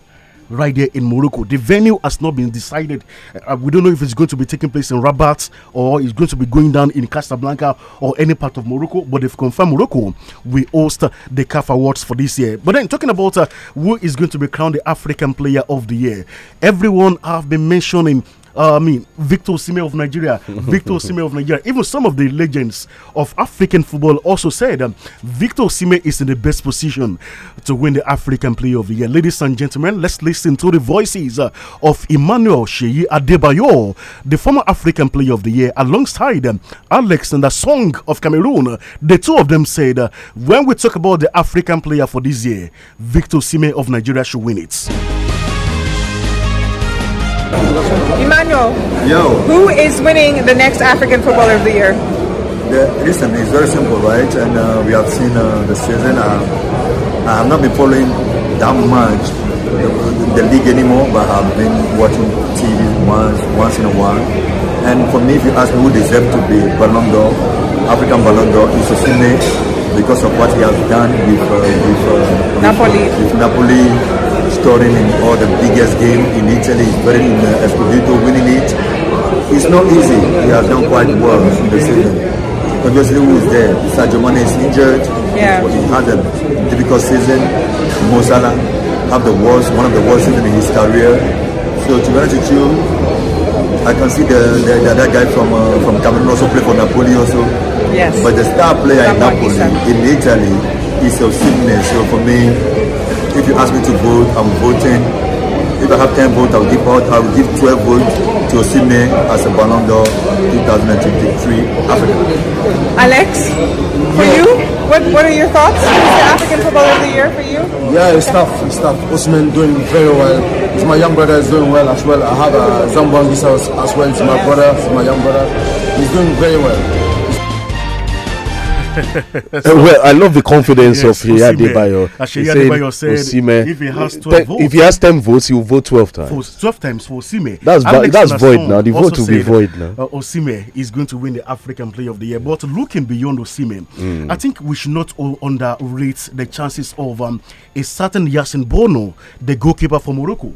Speaker 1: right there in Morocco. The venue has not been decided. Uh, we don't know if it's going to be taking place in Rabat or it's going to be going down in Casablanca or any part of Morocco. But they've confirmed Morocco will host uh, the CAF Awards for this year. But then talking about uh, who is going to be crowned the African Player of the Year, everyone have been mentioning uh, I mean, Victor Sime of Nigeria, Victor Sime of Nigeria. Even some of the legends of African football also said um, Victor Sime is in the best position to win the African Player of the Year. Ladies and gentlemen, let's listen to the voices uh, of Emmanuel Sheyi Adebayo, the former African Player of the Year, alongside um, Alex and the Song of Cameroon. The two of them said, uh, when we talk about the African player for this year, Victor Sime of Nigeria should win it.
Speaker 16: Emmanuel. Yo. Who is winning the next African Footballer of the Year? The, listen, it's very simple, right? And uh, we have seen uh, the season. Uh, uh I have not been following that much the, the, league anymore, but I've been watching TV once, once in a while. And for me, if you ask me who deserves to be Ballon d'Or, African Ballon d'Or, a Osime because of what he has done with, uh, with, uh, with
Speaker 8: Napoli. With, with
Speaker 16: Napoli scoring in all the biggest game in Italy, very uh, Esposito winning it. It's not easy. He has done quite well in the season. Obviously, who is there? Sadio Mane is injured. Yeah. He had a difficult season. Mo Salah have the worst, one of the worst seasons in his career. So to be honest with you, I can see the, the, the, that guy from uh, from Cameroon also play for Napoli also. Yes. But the star player Napoli in Napoli, in Italy, is of sickness. So for me, if you ask me to vote, I'm voting. If I have 10 votes, I'll give out. I'll give 12 votes to Osime as a Ballon d'Or 2023 Africa. Alex, for yeah. you, what, what are your thoughts? Who's the African Footballer of the Year for you?
Speaker 3: Yeah, it's tough. It's tough. Osman doing very well. It's my young brother is doing well as well. I have a uh, Zambangi as, as well. It's my brother. It's my young brother. He's doing very
Speaker 5: well. Uh, well, I love the confidence yes, of Yaya Debayo. Adebayo said Osime, if he has 12 ten, votes, if he has 10 votes, he will vote 12 times.
Speaker 1: 12 times for Osime. That's, that's void now. The vote will be void now. Uh, Osime is going to win the African Player of the Year. But looking beyond Osime, mm. I think we should not underrate the chances of um, a certain Yasin Bono, the goalkeeper for Morocco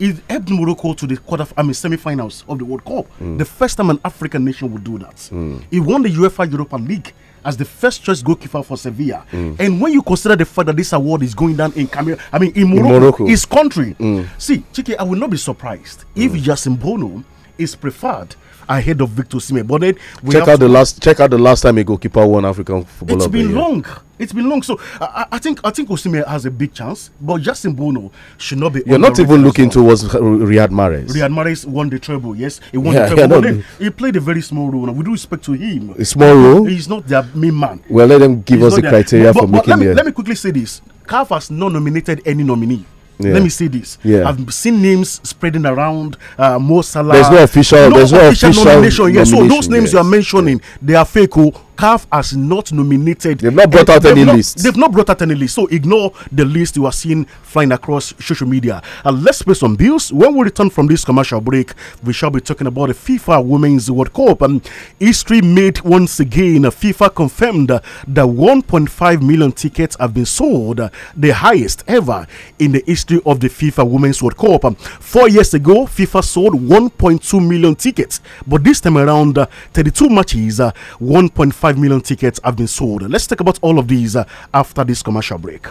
Speaker 1: it helped Morocco to the quarter, I mean, semi-finals of the World Cup. Mm. The first time an African nation would do that.
Speaker 5: Mm. He
Speaker 1: won the UEFA Europa League as the first choice goalkeeper for Sevilla. Mm. And when you consider the fact that this award is going down in Cameroon, I mean in Morocco, in Morocco. his country. Mm. See, Chiki, I will not be surprised if mm. Yasin Bono is preferred ahead of Victor Sime. But then check out the last check out the last time a goalkeeper won African football. It's been long. It's been long. So I, I think I think Osime has a big chance, but Justin Bono should not be. You're not even looking well. towards Riyad Mahrez. Riyad Mahrez won the treble. Yes, he won yeah, the treble. Yeah, he played a very small role. With respect to him, a small role. He's not their main man. Well, let them give He's us the criteria but, for but making. Let me, let me quickly say this: CAF has not nominated any nominee. Yeah. Let me see this. Yeah. I've seen names spreading around uh, Mo Salah. There's no official. No there's no official nomination, nomination yet. So those names yes. you are mentioning, they are fake. Oh, CAF has not nominated. They've not brought out any not, list. They've not brought out any list. So ignore the list you are seeing flying across social media. And let's pay some bills. When we return from this commercial break, we shall be talking about the FIFA Women's World Cup. And history made once again. FIFA confirmed that 1.5 million tickets have been sold, the highest ever in the history of the FIFA Women's World Cup. Four years ago, FIFA sold 1.2 million tickets, but this time around, uh, 32 matches, uh, 1.5 5 million tickets have been sold. Let's talk about all of these uh, after this commercial break.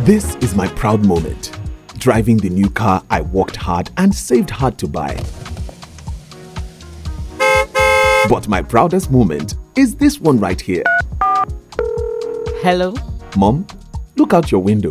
Speaker 1: This is my proud moment. Driving the new car I worked hard and saved hard to buy. But my proudest moment is this one right here.
Speaker 11: Hello?
Speaker 3: Mom, look out your window.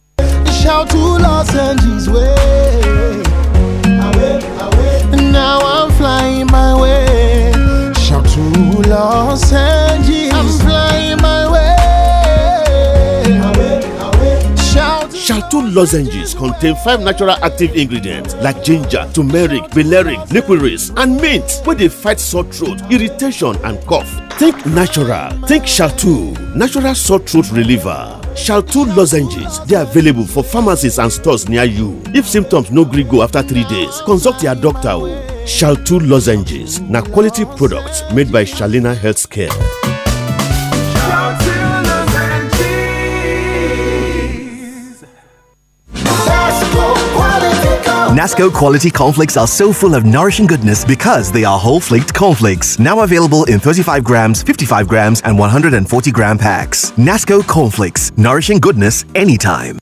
Speaker 8: shout to Los Angeles way. Away, away. Now I'm flying my way. Shout to Los Angeles. I'm flying my way.
Speaker 9: Away, shout. Shout to lozenges contain five natural active ingredients like ginger, turmeric, valeric, licorice, and mint, where they fight sore throat, irritation, and cough. Think natural. Think Chateau, natural sore throat reliever. Shaltu lozenges dey available for pharmacies and stores near you. If symptoms no gree go after three days, consult your doctor o. Oh. Shaltu lozenges na quality product made by Shalina Healthcare. Nasco quality cornflakes are so full of nourishing goodness because they are whole flaked cornflakes. Now available in 35 grams, 55 grams, and 140 gram packs. Nasco cornflakes, nourishing goodness anytime.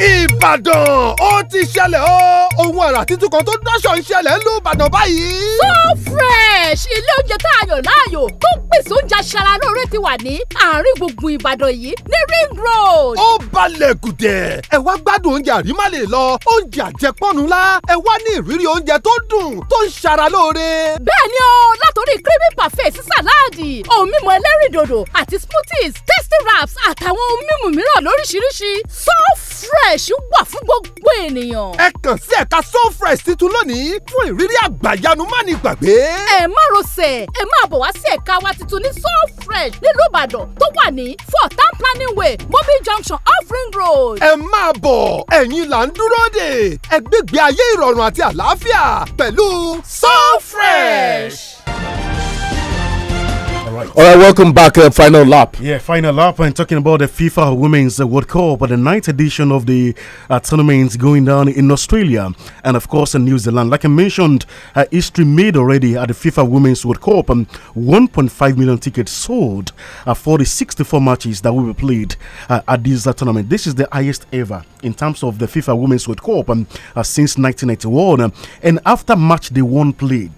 Speaker 8: ìbàdàn ó ti ṣẹlẹ̀ ó ohun àrà tuntun kan tó dáṣọ ń ṣẹlẹ̀ ń lu ìbàdàn báyìí. so fresh
Speaker 12: ilé oúnjẹ tá a yàn láàyò tó ń pèsè oúnjẹ aṣara lóore ti wà ní àárín gbùngbùn ìbàdàn
Speaker 8: yìí ní ring road. ó balẹ̀ gùdẹ̀ ẹ wá gbádùn oúnjẹ àrímá lè lọ oúnjẹ àjẹpọ́nu ńlá ẹ wá ní ìrírí oúnjẹ tó dùn tó ń ṣara lóore. bẹ́ẹ̀ ni o
Speaker 11: látòrí creamy parfait sí sàláàdì ohun mímu ẹlẹ́rìndòdò àti smoothies tasty wraps
Speaker 12: àtàwọn ohun mímu mìíràn lóríṣiríṣi so fresh fresh wà fún gbogbo ènìyàn.
Speaker 8: ẹ kàn sí ẹ̀ka so fresh titun lónìí fún ìrírí àgbàyanu má ní gbàgbé. ẹ
Speaker 12: má rọsẹ̀ ẹ máa bọ̀ wá sí ẹ̀ka wa titun ní so fresh nílùú ìbàdàn tó wà ní four town planning way mobil junction off ring road. ẹ
Speaker 8: máa bọ̀ ẹ̀yin là ń dúró dè ẹ gbégbé ayé ìrọ̀rùn àti àlàáfíà pẹ̀lú so fresh.
Speaker 5: right.
Speaker 1: All right, welcome back. Uh, final lap. Yeah, final lap. And talking about the FIFA Women's World Cup, but the ninth edition of the uh, tournament going down in Australia and, of course, in New Zealand. Like I mentioned, uh, history made already at the FIFA Women's World Cup. Um, 1.5 million tickets sold uh, for the 64 matches that will be played uh, at this uh, tournament. This is the highest ever in terms of the FIFA Women's World Cup um, uh, since 1991. Um, and after match day one played,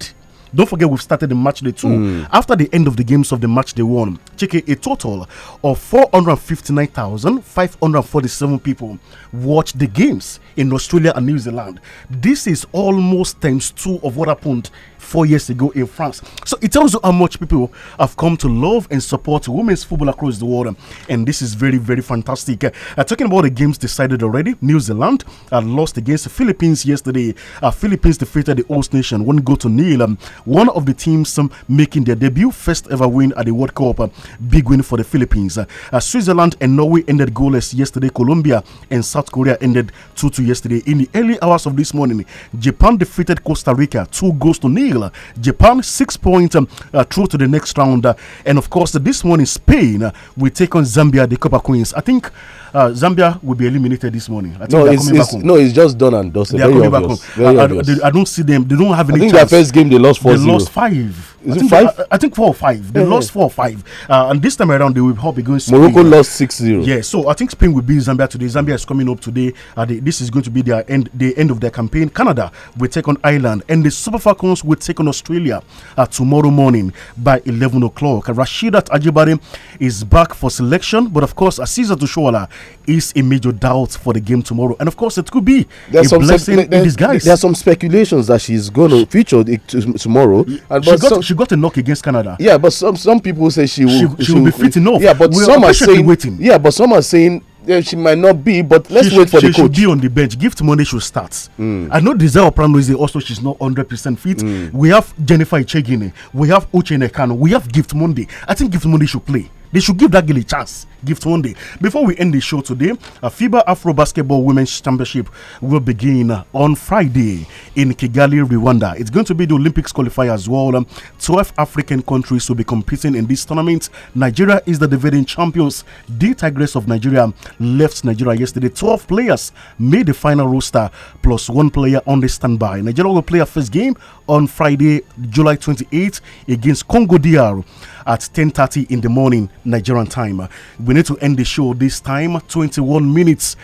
Speaker 1: don't forget, we've started the match day two. Mm. After the end of the games of the match day one, Chike, a total of 459,547 people watched the games in Australia and New Zealand. This is almost times two of what happened four years ago in France. So it tells you how much people have come to love and support women's football across the world. And this is very, very fantastic. Uh, talking about the games decided already, New Zealand uh, lost against the Philippines yesterday. Uh, Philippines defeated the host nation one goal to nil. Um, one of the teams um, making their debut, first ever win at the World Cup. Uh, big win for the Philippines. Uh, uh, Switzerland and Norway ended goalless yesterday. Colombia and South Korea ended 2 2 yesterday. In the early hours of this morning, Japan defeated Costa Rica two goals to nil. Japan, six points um, uh, through to the next round. Uh, and of course, uh, this morning, Spain uh, will take on Zambia, the Copper Queens. I think uh, Zambia will be eliminated this morning. I think no, it's, it's no, it's just done and dusted. They are coming obvious. back home. I, I, I, don't see them. They don't have any. I think chance. their first game they lost four. They 0. lost five. Is I it five? They, I, I, think four or five. They lost four or five. Uh, and this time around, they will probably going. Spain. Morocco lost 6 0. Yeah, so I think Spain will beat Zambia today. Zambia is coming up today. Uh, they, this is going to be their end, the end of their campaign. Canada will take on Ireland, and the Super Falcons will take on Australia uh, tomorrow morning by 11 o'clock. Rashidat Ajibare is back for selection, but of course, Aziza Dushwala is a major doubt for the game tomorrow. And of course, it could be There's a blessing in disguise. There are some speculations that she's going to feature tomorrow. she got, some, she got a knock against Canada. Yeah, but some some people say she will. She, she, she will, be fit enough. Yeah, but we some are saying waiting. Yeah, but some are saying yeah, she might not be, but let's she wait for she the coach. She should be on the bench. Gift money should start. Mm. I know Desire Oprano also she's not 100% fit. Mm. We have Jennifer Ichegine. We have Uche Nekano. We have Gift Monday. I think Gift Monday should play. They should give that girl a chance gift one day. Before we end the show today, a FIBA Afro Basketball Women's Championship will begin on Friday in Kigali, Rwanda. It's going to be the Olympics qualifier as well. Um, 12 African countries will be competing in this tournament. Nigeria is the defending champions. The Tigress of Nigeria left Nigeria yesterday. 12 players made the final roster, plus one player on the standby. Nigeria will play a first game on Friday, July 28th against Congo DR at 10.30 in the morning Nigerian time we need to end the show this time. 21 minutes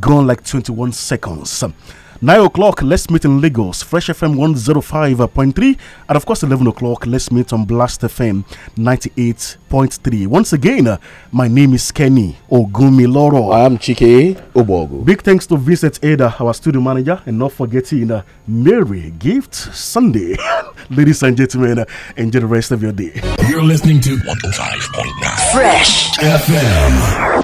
Speaker 1: gone like 21 seconds. 9 o'clock, let's meet in Lagos, Fresh FM 105.3. And of course, 11 o'clock, let's meet on Blast FM 98.3. Once again, uh, my name is Kenny Ogumiloro. I am Chike Obogo. Big thanks to Vincent Ada, our studio manager, and not forgetting uh, Mary Gift Sunday. Ladies and gentlemen, uh, enjoy the rest of your day. You're listening to 105.9 Fresh FM.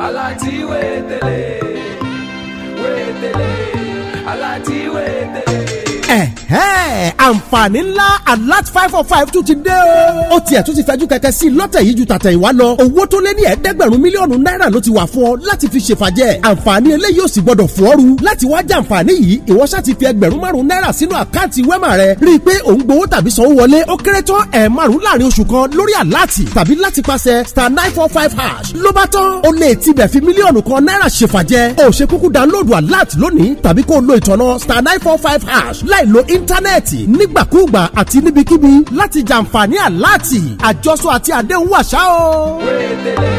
Speaker 8: alati wetele wetele alati wetele àǹfààní ńlá alert five four five tún ti dé o. ó tiẹ̀ tún ti fẹ́jú kẹ̀kẹ́ sí lọ́tẹ̀ yìí ju tàtẹ̀ ìwá lọ. owó tó lé ní ẹ̀ẹ́dẹ́gbẹ̀rún mílíọ̀nù náírà ló ti wà fún ọ láti fi ṣèfàjẹ́. àǹfààní eléyìí ò sì gbọdọ̀ fún ọ ru. láti wá jẹ àǹfààní yìí ìwọ ṣáà ti fi ẹgbẹ̀rún márùn-ún náírà sínú àkáǹtì wẹ́mà rẹ. rí i pé ò ń gbowó tàbí sanwó wọlé ó kéré tán ẹ̀ márùn láàrin oṣù kan lórí àláàtì tàbí láti pàṣẹ star nine four five hash. ló bá tán o lè tibẹ̀ fi mílíọ̀nù kan náírà ṣèfàjẹ́.
Speaker 1: o ṣe kúkú download alert lónìí tàbí kó o lo ìtọ̀nà star nine four five hash láì lo
Speaker 8: íńtánẹ́ẹ̀tì nígbàkúùgbà àti níbikíbi láti jàǹfààní àláàtì àjọsọ àti àdéhùn àṣà o. wéètèlè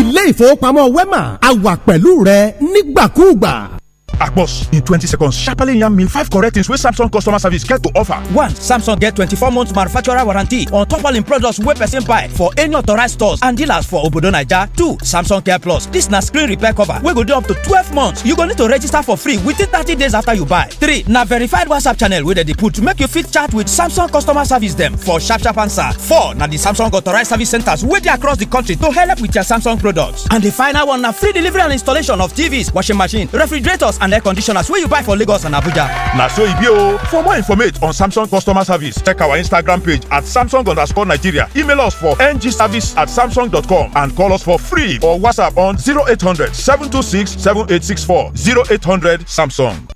Speaker 8: ilé ìfowópamọ́ wema a wà pẹ̀lú rẹ nígbàkúùgbà akpos
Speaker 7: in 20 seconds sharply yam me five correct things wey samsung customer service get to offer
Speaker 14: one samsung get 24 months manufacturer warranty on top all im products wey person buy for any authorized stores and dealers for obodo naija two samsung care plus This na screen repair cover wey go do up to 12 months you go need to register for free within 30 days after you buy three na verified whatsapp channel where they put make you fit chat with samsung customer service them for sharp sharp answer four na the samsung authorized service centers where they across the country to help with your samsung products and the final one na free delivery and installation of tvs washing machine refrigerators and and air conditioners wey you buy for lagos and abuja
Speaker 1: na so e be o for more information on samsung customer service check our instagram page at samsung underscore nigeria email us for ngservice at samsung.com and call us
Speaker 7: for free or whatsapp on 0800 726 7864 0800 samsung.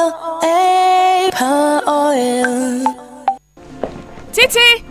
Speaker 13: oil, oil.
Speaker 11: Titi!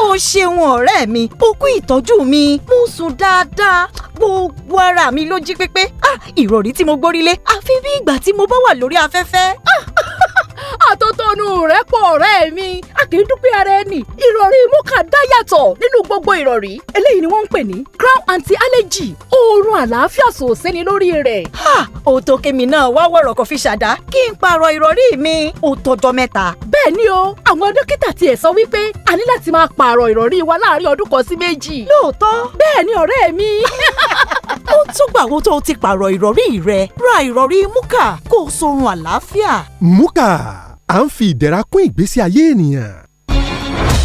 Speaker 12: ó ṣeun ọ̀rẹ́ mi ó kú ìtọ́jú mi mo sùn dáadáa gbogbo ara mi ló jí pépé ah ìrọ̀rí tí mo
Speaker 11: gbórí lé àfi bí ìgbà tí mo bá wà lórí afẹ́fẹ́ nínú
Speaker 12: rẹ́pọ̀ ọ̀rẹ́ mi a kì í dúpẹ́ ara ẹni ìrọ̀rí múkà dá yàtọ̀ nínú gbogbo ìrọ̀rí eléyìí ni wọ́n ń pè ní crown anti allergy oorun àlàáfíà sò sẹ́ni lórí rẹ̀. ha òótọ́ kèmi náà wá wọ̀rọ̀ kò fi ṣàdá kí n pààrọ̀ ìrọ̀rí mi ó tọjọ́ mẹ́ta. bẹ́ẹ̀ ni o àwọn dókítà tiẹ̀ sọ wípé a ní láti máa pààrọ̀ ìrọ̀rí wa láàárín ọdún kan sí méjì.
Speaker 14: lóòótọ́ bẹ́ẹ̀ ni ọ̀rẹ́ mi. ó tún gbà wo tó ti pààrọ̀ ìrọ̀rí rẹ ra ìrọ̀rí múkà kó o sorun àlàáfíà.
Speaker 8: múkà à ń fi ìdẹ̀ra kún ìgbésí ayé ènìyàn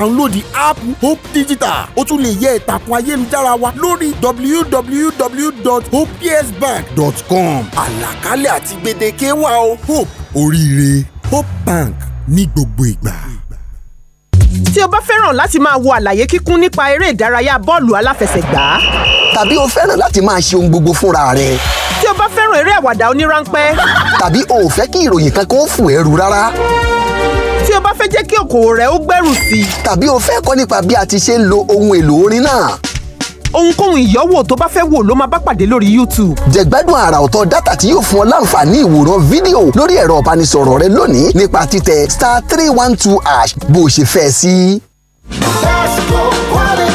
Speaker 8: dàńlódì app hope digital ó tún lè yẹ ìtàkùn ayélujára wa lórí www.hopepsbank.com àlàkalẹ̀ àti gbèdéke wa o hope oríire hope bank ní gbogbo
Speaker 14: ìgbà. tí o bá fẹ́ràn láti máa wo àlàyé kíkún nípa eré ìdárayá bọ́ọ̀lù aláfẹsẹ̀gbá. tàbí o fẹ́ràn láti máa ṣe ohun gbogbo fúnra rẹ. tí o bá fẹ́ràn eré àwàdà oníránpẹ́.
Speaker 12: tàbí o ò fẹ́ kí ìròyìn kankan ó fò ẹ́rù rárá
Speaker 14: tí o bá
Speaker 15: fẹ́ jẹ́ kí okòwò rẹ ó gbèrú sí i. tàbí o fẹ́ kọ́ nípa bí a ti ṣe ń lo ohun èlò orin náà. ohunkóhun ìyọ́wò tó bá fẹ́ wò ló máa bá pàdé lórí YouTube. jẹ̀gbádùn àrà ọ̀tọ̀ dátà tí yóò fún ọ láǹfààní ìwòran fídíò lórí ẹ̀rọ ìbánisọ̀rọ̀ rẹ lónìí nípa títẹ star three one two ash bó o ṣe fẹ́ sí. Best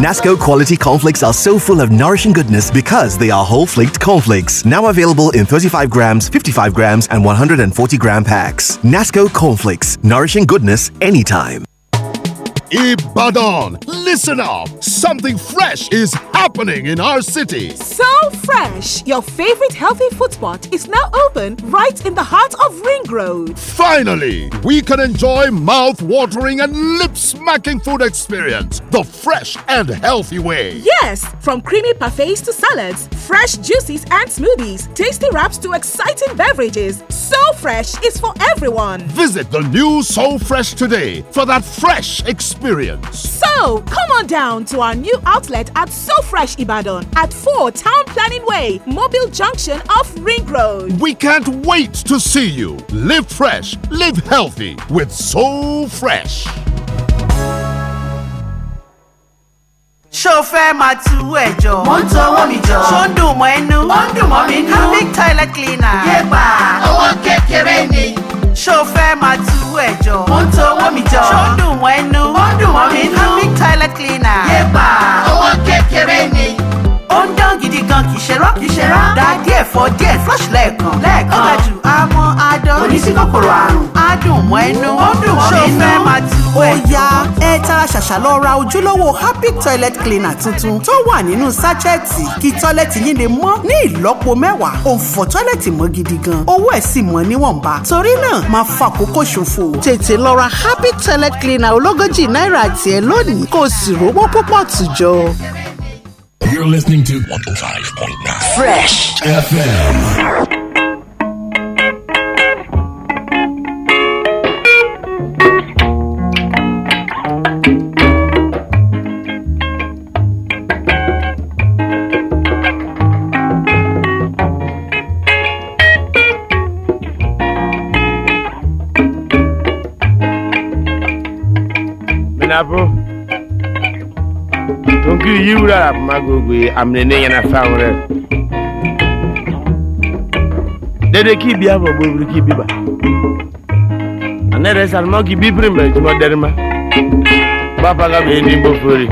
Speaker 16: Nasco
Speaker 9: quality cornflakes are so full of nourishing goodness because they are whole flaked cornflakes. Now available in 35 grams, 55 grams, and 140 gram packs. Nasco cornflakes, nourishing goodness anytime. Ibadan. Listen up. Something fresh is happening in our city.
Speaker 11: So fresh. Your favorite healthy food spot is now open right in the heart of Ring Road.
Speaker 9: Finally, we can enjoy mouth-watering and lip-smacking food experience the fresh and healthy
Speaker 11: way. Yes, from creamy parfaits to salads, fresh juices and smoothies, tasty wraps to exciting beverages. So fresh is for everyone.
Speaker 9: Visit the new So Fresh today for that fresh experience experience.
Speaker 11: So, come on down to our new outlet at So Fresh Ibadan at 4 Town Planning Way, Mobile Junction off Ring Road. We can't wait to see you. Live fresh, live healthy
Speaker 9: with So
Speaker 12: Fresh. ṣó fẹ́ máa tu ẹ̀jọ̀. mo ń tọwọ́ mi jọ. ṣó ń dùn mọ́ ẹnu. ń dùn mọ́ mi nú. toilet cleaner. yé gbà owó kékeré ni. ṣó máa tu owó ẹ̀ jọ. mo ń to owó mi jọ. ṣó dùn wọ́n ẹnu. ó dùn wọ́n mi nú. Hamid toilet cleaner. yéèpà owó kékeré ni. ó ń dán gidi gan kì í ṣe rán díẹ̀ fọ díẹ̀ flush lẹ́ẹ̀kan. lẹ́ẹ̀kan ó ga jù
Speaker 8: àmọ́ adán. kò ní sí kòkòrò àrùn.
Speaker 12: á dùn wọ́n ẹnu. ó dùn wọ́n mi nú. ṣó fẹ́ máa tu Oya ẹ tara ṣàṣà lọ ra ojúlówó happy toilet cleaner tuntun tó wà nínú sáchẹ́ẹ̀tì kí tọ́lẹ́tì yín lè mọ́ ní ìlọ́po mẹ́wàá ó ń fọ tọ́lẹ́tì mọ́ gidi gan owó ẹ̀ sì mọ́ níwọ̀nba torí náà máa fa àkókò ṣòfò tètè lọ ra happy toilet cleaner ológójì náírà tiẹ̀ lónìí kó o sì rówó púpọ̀ tùjọ.
Speaker 7: You're listening to 105.9
Speaker 12: Fresh
Speaker 7: FM.
Speaker 8: apple. Don't give you that magogwe. I'm the name and I found it. Dede ki bi abo bo ki bi ba. Anere salmo ki bi
Speaker 2: primbe jmo derma. Baba ga be ni bo fori.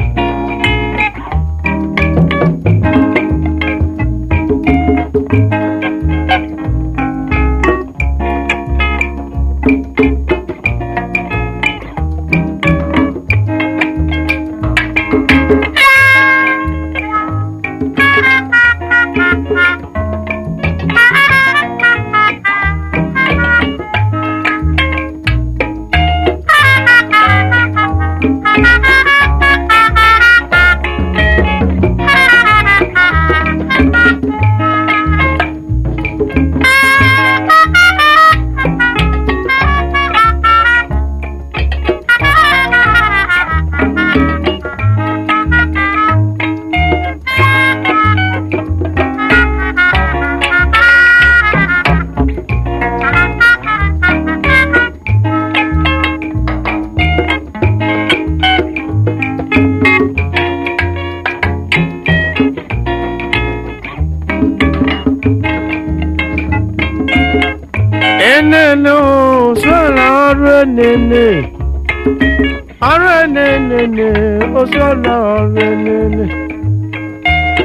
Speaker 8: renene.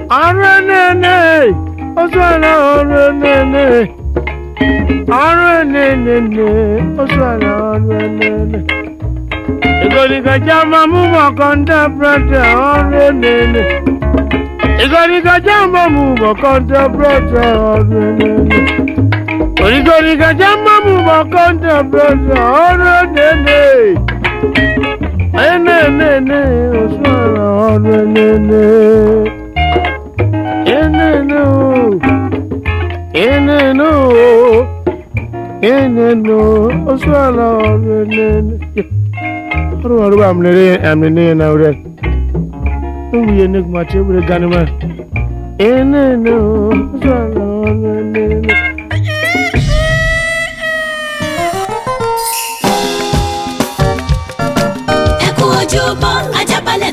Speaker 8: Arenene, Oswana renene. Arenene, Oswana renene. Igolika jama mumo konta brother renene. Igolika jama mumo konta brother renene. Igolika jama mumo konta brother renene enenene osmana ọdún enene enene o enene o enene osmana ọdún enene. ọdún wọn rúbà àmìlẹ́rẹ́ àmìlẹ́rẹ́ náà rẹ̀ ń wuyẹ nígbà tí ó wúlẹ̀ ganimá enene osmana
Speaker 5: ọdún enene.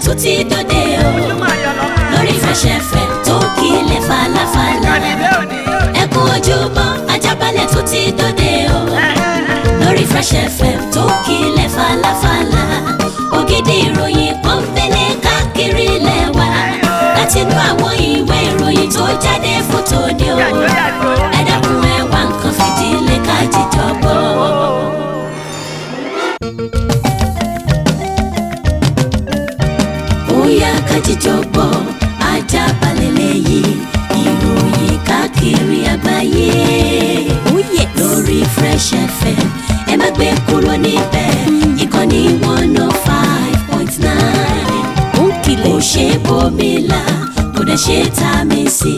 Speaker 13: tún ti dòde o lórí fẹsẹ̀fẹ̀ tó kílẹ̀ falafala ẹ kú ojúmọ́ ajábalẹ̀ tún ti dòde o lórí fẹsẹ̀fẹ̀ tó kílẹ̀ falafala ògidì ìròyìn kan fẹlẹ̀ káàkiri lẹ́wà láti inú àwọn ìwé ìròyìn tó jáde fótó ni o ẹ dákun ẹ nǹkan fìdílé ká jíjọ gbọ́. àjíjọpọ̀ ajábalẹ̀ lẹ́yìn ìròyìn káàkiri àgbáyé. Oyè oh lórí Fresh FM ẹ má gbé kúrò níbẹ̀ ìkànnì one oh five point nine. Ó kìlẹ̀. Kò ṣe bomi la kò dẹ̀ ṣe ta mi sí.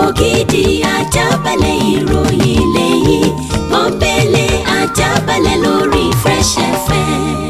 Speaker 13: Ògidì ajábalẹ̀ ìròyìn lẹ́yìn pọ́npẹ́lẹ́ ajábalẹ̀ lórí Fresh FM.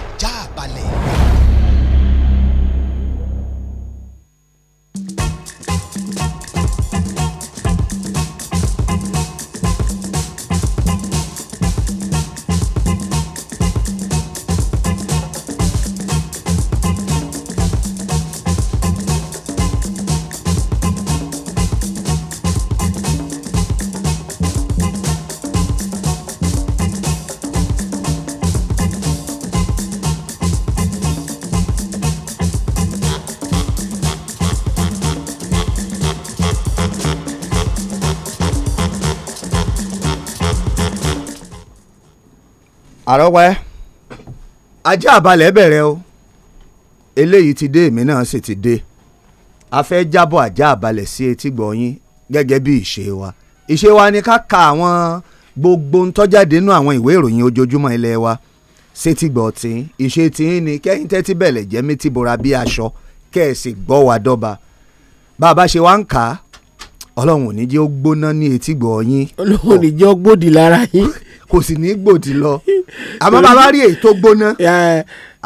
Speaker 15: àrọ́wẹ́ ajá àbálẹ̀ bẹ̀rẹ̀ o eléyìí ti dé èmi náà sì ti dé a fẹ́ jábọ̀ ajá àbálẹ̀ sí etí gbọ̀nyín gẹ́gẹ́ bí ìṣe wa ìṣe wa ni ká ka àwọn gbogbo ń tọ́jáde nínú àwọn ìwé ìròyìn ojoojúmọ́ ilé wa sétí gbọ̀ tí ìṣe tí ń ni kẹ́yìn tẹ́tí bẹ̀lẹ̀ jẹ́ mi ti bora bí aṣọ kẹ́ẹ̀sì gbọ́ wa dọ́ba bàbá ṣe wá ń kà á ọlọ́run ò ní jẹ́ ó gbóná ní etí gbọ̀ yín. ọlọ́run ò ní jẹ́ ó gbòdì lára yín. kò sì ní gbòdì lọ
Speaker 3: àmọ́ bàbá rí èyí
Speaker 15: tó gbóná.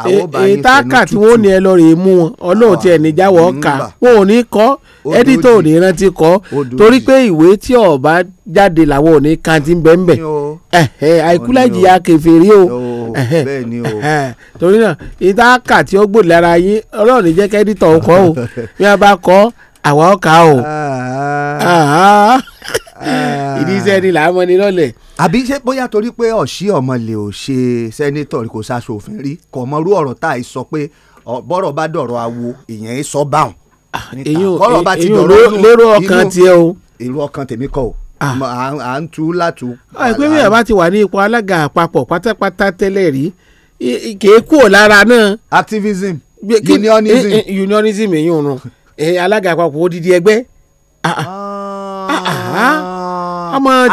Speaker 15: èyí kà tí wọ́n ní
Speaker 3: ẹ lọ rèé mú wọn ọlọ́run tiẹ̀ níjàwọ̀ kà wọn ò ní kọ́ ẹ́dítọ̀ ò ní rántí kọ́ torí pé ìwé tí ọba jáde làwọn ò ní àìkúlẹ̀ ìjìyà o torí náà kà tí ó gbòdì lára yín o bí wọ́n bá kọ́ àwa o.
Speaker 6: Ah,
Speaker 15: ah. Ah,
Speaker 3: Ah. ìdí iṣẹ́ ni làá mọ ni lọ́lẹ̀.
Speaker 15: àbí ṣé bóyá torí pé ọ̀sí ọ̀mọ̀lẹ̀ ò ṣe sẹ́nitọ̀ kò ṣàṣòfin rí kò mọrú ọ̀rọ̀ tá a sọ pé bọ́rọ̀ bá dọ̀rọ̀ awo èèyàn ẹ sọ báwọn. kọ́rọ̀ ah, bá ti dọ̀rọ̀ inú lérò ọkàn tiẹ̀ o. èrò ọkàn tèmi kọ́ o ah. à ń tu látú. ẹgbẹ́ mi àbá ti wà ní ipò alága
Speaker 3: àpapọ̀ pátápátá tẹ́lẹ̀ rí kèé kúrò lára náà. activism unionism eh, eh, unionism èyí ò rún eh, alága àpapọ̀ odidi ẹgbẹ́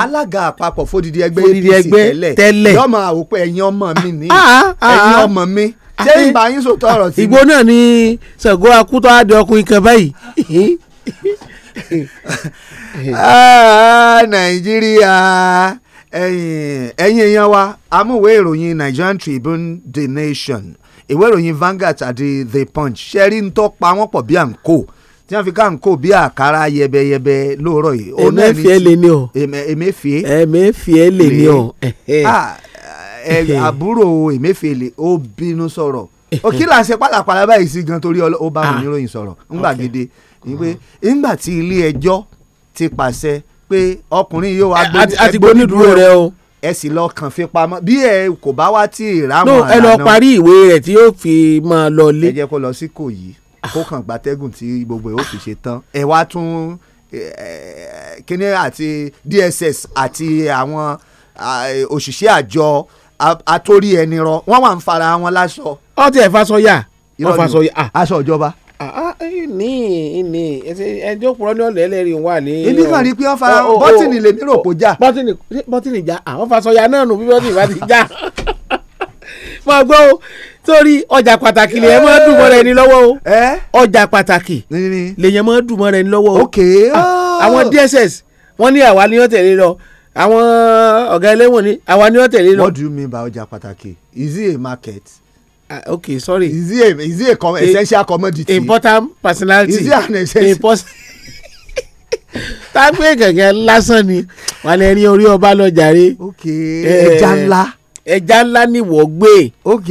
Speaker 15: alága àpapọ̀ fódìdí ẹgbẹ́ APC tẹ́lẹ̀ tẹ́lẹ̀ yọmọ àwòpẹ́ ẹ̀yin ọmọ mi ni ah, ah, ẹ̀yin ọmọ mi ah, ṣé eh, ìgbà yín sòtọ́ ọ̀rọ̀ sí mi. ìgbó náà
Speaker 3: ni Ṣàngó akútọ́ adé ọkùnrin kan báyìí.
Speaker 15: Nàìjíríà ẹ̀yin èèyàn wa amúwé ìròyìn Nigerian Tribune The Nation ìwé ìròyìn Vanguard àti The Punch ṣe rí ń tọ́ pa wọ́n pọ̀ bí à ń kó tí wọ́n fi ká nǹkó bí àkàrà yẹbẹyẹbẹ lóòrọ̀ yìí. èmẹ́fìẹ́ lè ní ọ. èmẹ́fìẹ́. èmẹ́fìẹ́ lè ní ọ. Ah, àbúrò èmẹ́fìẹ́ ó bínú sọ̀rọ̀ òkè là ń ṣe pálapàla báyìí sí gan torí ó bá ah. oníròyìn sọ̀rọ̀ ńgbà gidi ah. wípé tí ilé ẹjọ́ ti pàṣẹ pé ọkùnrin yóò wá eh, gbónídúró rẹ o ẹ sì lọ kàn fi pamọ́ bí ẹ kò bá wá tí ìrámọ̀ àná. ẹ lọ parí ìwé rẹ̀ tí yóò fi máa lọ lé. ẹ jẹ́ kó lọ sí kò yìí kó kàn gbatẹ́gùn tí gbogbo ẹ̀ ó fi ṣe tán ẹ̀ wá tún kíní àti DSS àti àwọn òṣìṣẹ́ àjọ atórí ẹni rọ wọ́n wà ń fara wọn láṣọ. ó ti ẹ̀ fasọyà wọ́n fasọyà. Ah. aṣọ ìjọba
Speaker 5: ah,
Speaker 3: ah, ní ní ẹjọ́ purọ́ ní ọ̀lẹ́ ẹlẹ́rìí wà ní. ibi kan rí i pé wọ́n fara bọ́tìnì lè ní rògbò já. bọ́tìnì bọ́tìnì já àwọn fasọyà náà nù bí bọ́tìnì bá ti já. máa gbọ́ torí ọjà pàtàkì lèyẹn máa dùn mọ́ra ẹni lọ́wọ́ o ọjà pàtàkì lèyẹn máa dùn mọ́ra ẹni lọ́wọ́ o ah, ah. àwọn DSS wọ́n ní àwa ni wọ́n tẹ̀lé lọ àwọn ọ̀gá ẹlẹ́wọ̀n ni àwa ni wọ́n tẹ̀lé lọ.
Speaker 15: what do you mean by ọjà pàtàkì is it a market. Uh, okay sorry. is it a is it a com a, essential commodity. important personality. is it an essential.
Speaker 3: tágbé gẹ̀gẹ́ lásán ni wà lẹ́ni orí ọba lọ jàre. ok
Speaker 15: eh, ẹja ńlá. Eh, ẹja ńlá nìwọ gbé. ok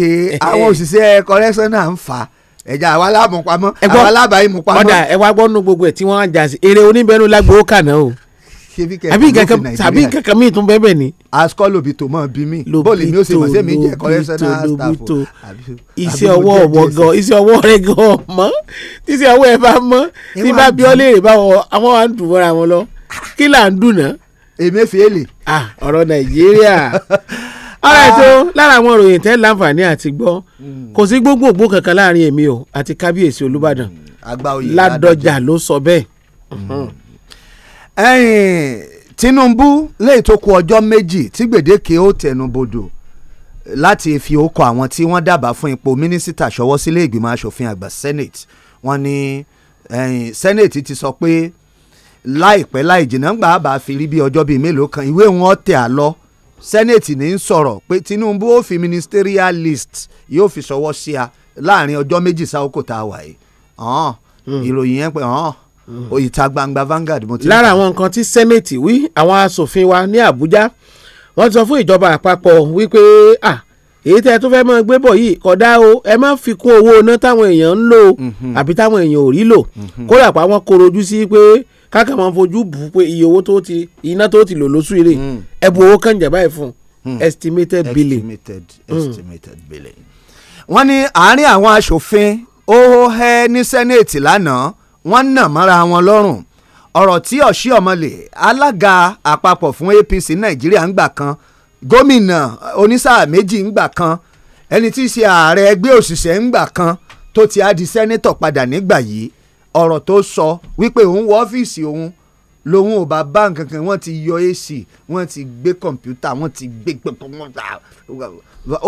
Speaker 15: àwọn òṣìṣẹ́ kọ́lẹ́sọ́nà ń fà á ẹja àwa aláàmú pamọ́ àwa alábàáyé mú pamọ́. ọ̀dà
Speaker 3: ẹ wá gbọ́nú gbogbo ẹ̀ tí wọ́n á jà sí eré oníbẹ̀rù lágbó
Speaker 15: kànáà o àbí kankan mi tún bẹ́ẹ̀ ni. asukọ lobi tó mọ bí mi bọ́ọ̀lù mi ó sì mọ̀ sí mi jẹ́ kọ́lẹ́sọ́nà staff o. iṣẹ́ ọwọ́ ọ̀wọ́ gan iṣẹ́ ọwọ́
Speaker 3: rẹ̀ gan ọ̀mọ́ tíṣẹ́ ọwọ́ ẹ bá mọ́ tí bá bí ọ́ ara ah. ètò lára àwọn ìròyìn tẹ́ láǹfààní àti gbọ́ hmm. kò sí gbogbogbò kankan láàrin èmi o
Speaker 15: àti kábíyèsí olùbàdàn hmm. ládọjà ló sọ bẹ́ẹ̀. Hmm. Tinubu lẹ́yìn tó kù ọjọ́ méjì tí gbèdéke ó tẹnubodò láti fi ó kọ àwọn tí wọ́n dábàá fún ipò mínísítà ṣọwọ́ sílé ìgbìmọ̀ asòfin àgbà senate wọ́n ní senate ti sọ pé láìpẹ́ láì jìnnà ń gbà á bá fi rí bí ọjọ́ bíi mélòó kan ìwé wọn tẹ̀ á lọ Senate ní í sọ̀rọ̀ pé Tinubu ó fi ministerial list yóò fi ṣọwọ́ sí a láàrin ọjọ́ méjì sáwọ́kò tá a wà yìí hmm. ìròyìn yẹn pé hmm. ìta gbangba Vanguard mo ti. lára
Speaker 3: àwọn nǹkan tí sẹ́nẹ̀tì wí àwọn asòfin wa ní abuja, wọ́n ti sọ fún ìjọba àpapọ̀ wípé ah èyí tẹ́ tó fẹ́ mọ gbé bọ̀ yìí kódà o ẹ má fi kún owó iná táwọn èèyàn ń lò mhm. àbí táwọn èèyàn ò rí lò mhm. kódà pa wọ́n korojú sí pé káàkiri máa fojú bù ú pé iye owó tó ti iná tó ti lò lóṣù eré hmm. ẹ̀bù owó kànjẹ̀ báyìí fún hmm. estimated
Speaker 15: billing. estimated hmm. estimated billing. wọ́n ní àárín àwọn aṣòfin ó hẹ́ ní sẹ́nẹ̀tì lánàá wọ́n nà mọ́ra wọn lọ́rùn ọ̀rọ̀ tí ọ̀sí ọ̀mọ̀lé alága àpapọ̀ fún APC nàìjíríà ń gbà kan gómìnà onísáà méjì ń gbà kan ẹni tí í ṣe ààrẹ ẹgbẹ́ òṣìṣẹ́ ń gbà kan tó ti á di sẹ́nẹ́tọ̀ padà nígbà yìí ọ̀rọ̀ tó sọ wípé òun wọ ọ́fíìsì òun lòun ò bá bá nǹkan kan wọ́n ti yọ AC wọ́n ti gbé kọ̀ǹpútà wọ́n ti gbé kọ̀ǹpútà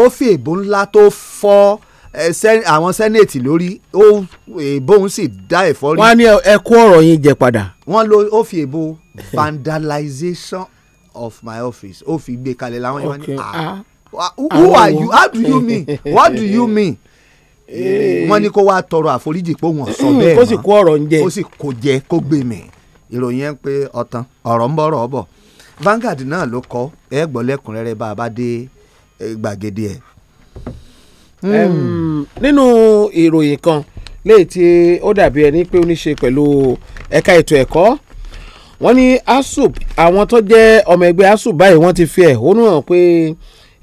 Speaker 15: ó fi èbó ńlá tó fọ́ eh, àwọn sẹ́nẹ̀tì lórí èbó òun sì dá ẹ̀fọ́ rí. wọ́n á ní ẹ ọ̀rọ̀ yín jẹ padà. wọ́n lo ó fi èbó vandalization of my office ó fi gbé kalẹ̀ láwọn yẹn ní ah, ah. who are you how do you mean what do you mean wọ́n ní kó wá tọrọ àforíjì pé wọ́n sọ hmm, bẹ́ẹ̀ mọ́ kó sì kó ọ̀rọ̀ ń jẹ kó sì kó jẹ kó gbé mi ìròyìn yẹn pé ọ̀tàn ọ̀rọ̀ ń bọ̀rọ̀ ọ̀bọ̀ Vanguard náà ló kọ ẹ gbọ́ lẹ́kùnrẹ́rẹ́ bá a bá dé gbàgede ẹ̀.
Speaker 3: Hmm. nínú ìròyìn kan léyìí tí ó dàbí ẹni pé ó ní ṣe pẹ̀lú ẹ̀ka ètò ẹ̀kọ́ wọ́n ní ASUP àwọn tó jẹ́ ọmọ ẹgbẹ́ ASUP báyìí wọ́n ti fi ẹ̀hónú hàn pé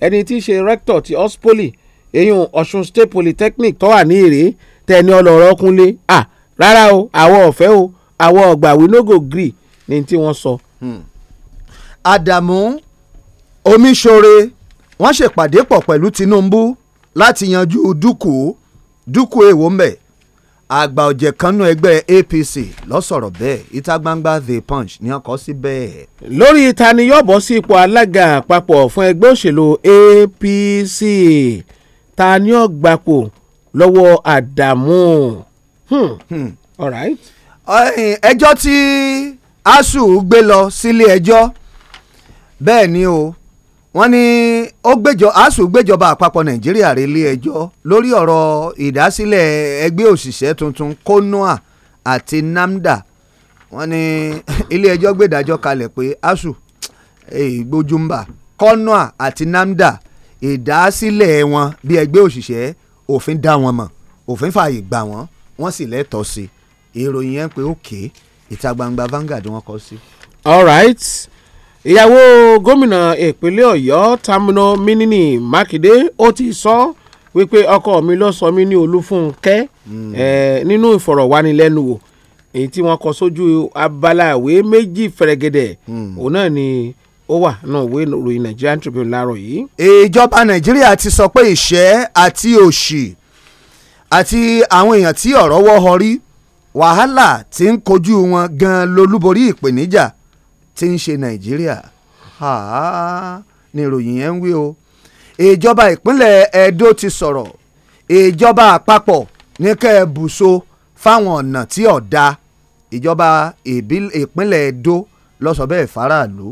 Speaker 3: ẹni tí í ṣe rector ti OSPOLY eyín Ọ̀ṣun State Polytechnic tó wà ní Ìrè tẹni ọlọ́rọ̀ kúnlé à rárá o àwọn ọ̀fẹ́ o àwọn ọ̀gbà we no go gree ni
Speaker 15: tí wọ́n sọ. Àdàmú hmm. Omíṣore wọ́n ṣèpàdé pọ̀ pẹ̀lú Tinubu láti yanjú dúkù dúkù èèwọ̀ mbẹ̀ àgbà ọ̀jẹ̀ kan ẹgbẹ́ APC lọ́sọ̀rọ̀ bẹ́ẹ̀ ìta gbangba The Punch ni ọkọ̀ sí bẹ́ẹ̀. lórí ìtaniyọ̀bọ̀ sí ipò alága àpapọ̀ fún ẹgbẹ́ òṣèlú
Speaker 3: APC ta ni ó gbapò lọ́wọ́ àdàmú.
Speaker 15: Hmm. Hmm. ẹjọ́ tí asuu gbé lọ sílé ẹjọ́ bẹ́ẹ̀ ni o wọ́n ní asu gbẹ́jọ́ asuu gbẹ́jọba àpapọ̀ nàìjíríà relé ẹjọ́ lórí ọ̀rọ̀ ìdásílẹ̀ ẹgbẹ́ òṣìṣẹ́ tuntun konua àti namda wọ́n ní ilé ẹjọ́ gbẹ́dájọ́ kalẹ̀ pé asuu ìgbójúmbà konua àti namda ìdásílẹ̀ wọn bí ẹgbẹ́ òṣìṣẹ́ òfin dá wọn mọ̀ òfin fààyè gbà wọ́n wọ́n sì lẹ́tọ̀ọ́ sí ìròyìn yẹn pé òkè ìta gbangba Vanguard wọn kọ sí.
Speaker 3: all right ìyàwó gómìnà ìpínlẹ̀ Ọ̀yọ́ Tamino Minini Makinde ó ti sọ wípé ọkọ mi ló sọ mí ní Olúfúnkẹ́ hmm. nínú ìfọ̀rọ̀wánilẹ́nuwò èyí tí wọ́n kọ sójú abala ìwé méjì fẹ̀rẹ̀gẹ̀dẹ̀ hmm. òun náà ni. Mm. Eh, ó wà náà ìwé ìròyìn Nigerian Tribune láàárọ̀ yìí.
Speaker 15: ìjọba nàìjíríà ti sọ pé ìṣẹ́ àti òṣì àti àwọn èèyàn tí ọ̀rọ̀ wọ́ họrí wàhálà tí ń kojú wọn gan-an lolúborí ìpèníjà tí ń ṣe nàìjíríà ni ìròyìn yẹn ń wí o ìjọba ìpínlẹ̀ Edo ti sọ̀rọ̀ ìjọba àpapọ̀ ní kẹ́ ẹ bùṣọ fáwọn ọ̀nà tí ọ̀dà ìjọba ìpínlẹ̀ Edo ló sọ bẹ́ẹ̀ faraàlú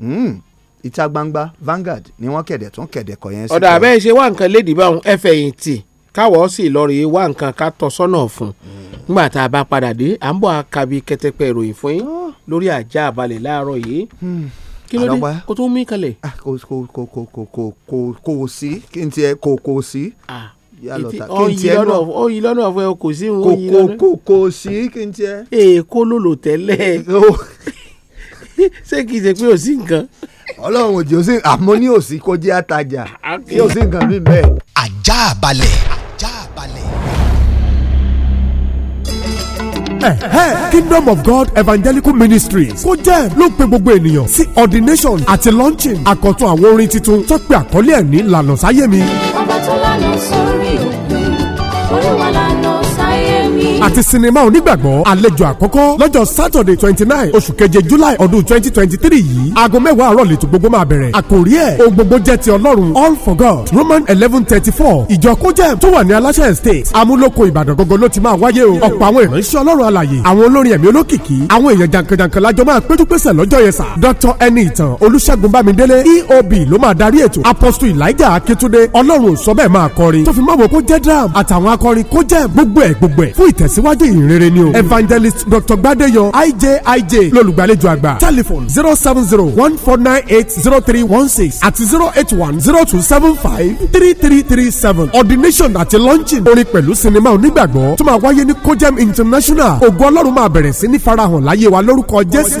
Speaker 15: Hmm. ìta gbangba Vanguard ni wọ́n kẹ̀dẹ̀ tún kẹ̀dẹ̀ kọ̀ yẹn sí. ọ̀dà
Speaker 3: abẹ́ ṣe wá nǹkan lédi báwọn ẹ̀fẹ̀yìntì káwọ́ sì lọ́ọ́ rèé wá nǹkan ká tọ́ sọ́nà fún hmm. nígbà tá a bá padà dé à ń bọ̀ àkàbí kẹtẹpẹ ìròyìn fún yín ah. lórí àjà àbálẹ̀
Speaker 15: láàárọ̀ yìí hmm. kí ló dé kó tó mí kalẹ̀. Ah, kò kò kò kò kò kò kò sí kí n tiẹ̀ kò kò sí oyin lọ́nà ọ̀fẹ́ kò sí oyin lọ́nà kò kò sí kí n tiẹ̀. èèkó ló tẹ́lẹ̀. ṣé kì í ṣe pé ò nǹkan. ọlọ́run òjì ó sì ní òsì kó jẹ́ àtajà tí ó nǹkan bíi bẹ́ẹ̀. ajá balẹ̀. ajá balẹ̀.
Speaker 1: Kingdom of God Evangelical Ministries kó jẹ́ ló ń pe gbogbo ènìyàn sí ordination àti launching àkọ́tún àwọn orin tuntun tó pe àkọlé ẹ̀ ní lànà sáyé mi.
Speaker 13: ọba tó lánàá sórí òpin olúwa lára àti
Speaker 1: sinimá onígbàgbọ́ àlejò àkọ́kọ́ lọ́jọ́ sátọ̀dẹ̀ twenty nine oṣù keje july ọdún twenty twenty three yìí aago mẹ́wàá àárọ̀ lètò gbogbo máa bẹ̀rẹ̀ àkòrí ẹ̀ O gbogbo jẹ́ ti ọlọ́run all for god roman eleven thirty four ìjọ kójẹ́ tó wà ní aláṣẹ estate amúlòkọ ìbàdàn gbogbo ló ti máa wáyé o ọ̀pọ̀ àwọn ìránṣẹ́ ọlọ́run alàyè àwọn olórin ẹ̀mí olókìkí àwọn èèyàn jàǹkànjàǹkàn lájọ máa péjúpésẹ̀ lọ́jọ́ yẹn sà dr ẹni ìtàn olùṣègùn bámidélé eob ló máa darí ètò apostle elijah akíntúndé ọlọ́run ò sọ bẹ́ẹ̀ máa kọrin tó fi máa wò kó jẹ́ dram àtàwọn akọrin kó jẹ́ gbogbo ẹ̀ gbogbo ẹ̀ fún ìtẹ̀s ìtẹ̀síwájú ìrere ni o evangelist dr gbadeyan ijij lolùgbàlejò àgbà telephone zero seven zero one four nine eight zero three one six àti zero eight one zero two seven five three three three seven ordination àti launching orin pẹ̀lú sinimá onígbàgbọ́ tó máa wáyé ní kojem international ògo ọlọ́run máa bẹ̀rẹ̀ sí ní farahàn láyé wa lórúkọ jésù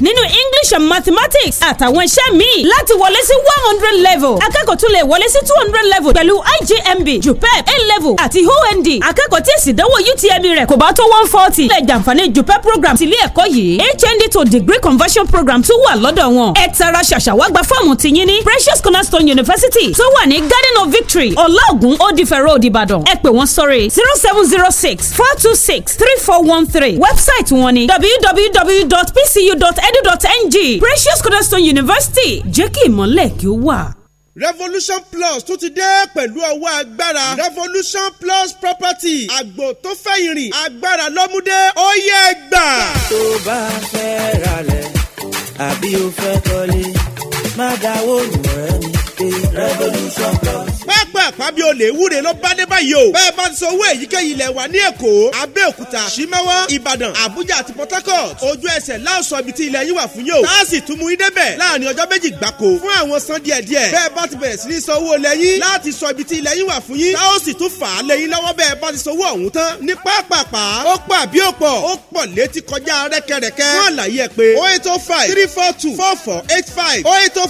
Speaker 11: nínú English and mathematics àtàwọn iṣẹ́ míì láti wọlé sí one hundred level akẹ́kọ̀ọ́ tún lè wọlé sí two hundred level pẹ̀lú IJMB JUPEB A level àti OND akẹ́kọ̀ọ́ tí èsì ìdánwò UTME rẹ̀ kò bá tó one forty lè jàǹfààní JUPEB program tìlé ẹ̀kọ́ yìí HND to degree conversion program tún wà lọ́dọ̀ wọn ẹ tara ṣàṣàwágbá fọ́ọ̀mù tìyín ní Precious Cornerstone University tó wà ní Garden of Victory ọlọ́ọ̀gùn òdìfẹ̀rọ òdìbàdàn ẹ pè wọ́n sórí zero seven zero six four two six three four one three website wọn ni www.pcu.nl edu.ng Precious Cornerstone University jẹ́ kí ìmọ̀lẹ̀ kí ó wà.
Speaker 8: Revolution Plus tún ti dé pẹ̀lú ọwọ́ agbára Revolution Plus property àgbò tó fẹ́ ìrìn agbára lọ́múdé ó yẹ gbà. tó bá fẹ́ ralẹ̀ àbí o fẹ́ kọ́lé má dáwọ́ lù ẹ́ pé Revolution Plus àpábí olè wúre ló bá dé báyìí o bẹ́ẹ̀ bá ti sọ owó èyíkéyìí ilẹ̀ wa ní èkó abẹ́òkúta simẹ́wọ́ ìbàdàn àbújá àti port harcourt ojú ẹsẹ̀ láòsọ ibi tí ilẹ̀ yín wà fún yóò láàsì tún mú yín débẹ̀ láàrin ọjọ́ méjì gbáko fún àwọn san díẹ̀ díẹ̀ bẹ́ẹ̀ bá ti bẹ̀rẹ̀ sí ní sọ owó lẹ́yìn láti sọ ibi tí ilẹ̀ yín wà fún yín táwọn sì tún fà á lẹ́yìn oh oh three four two four four eight five oh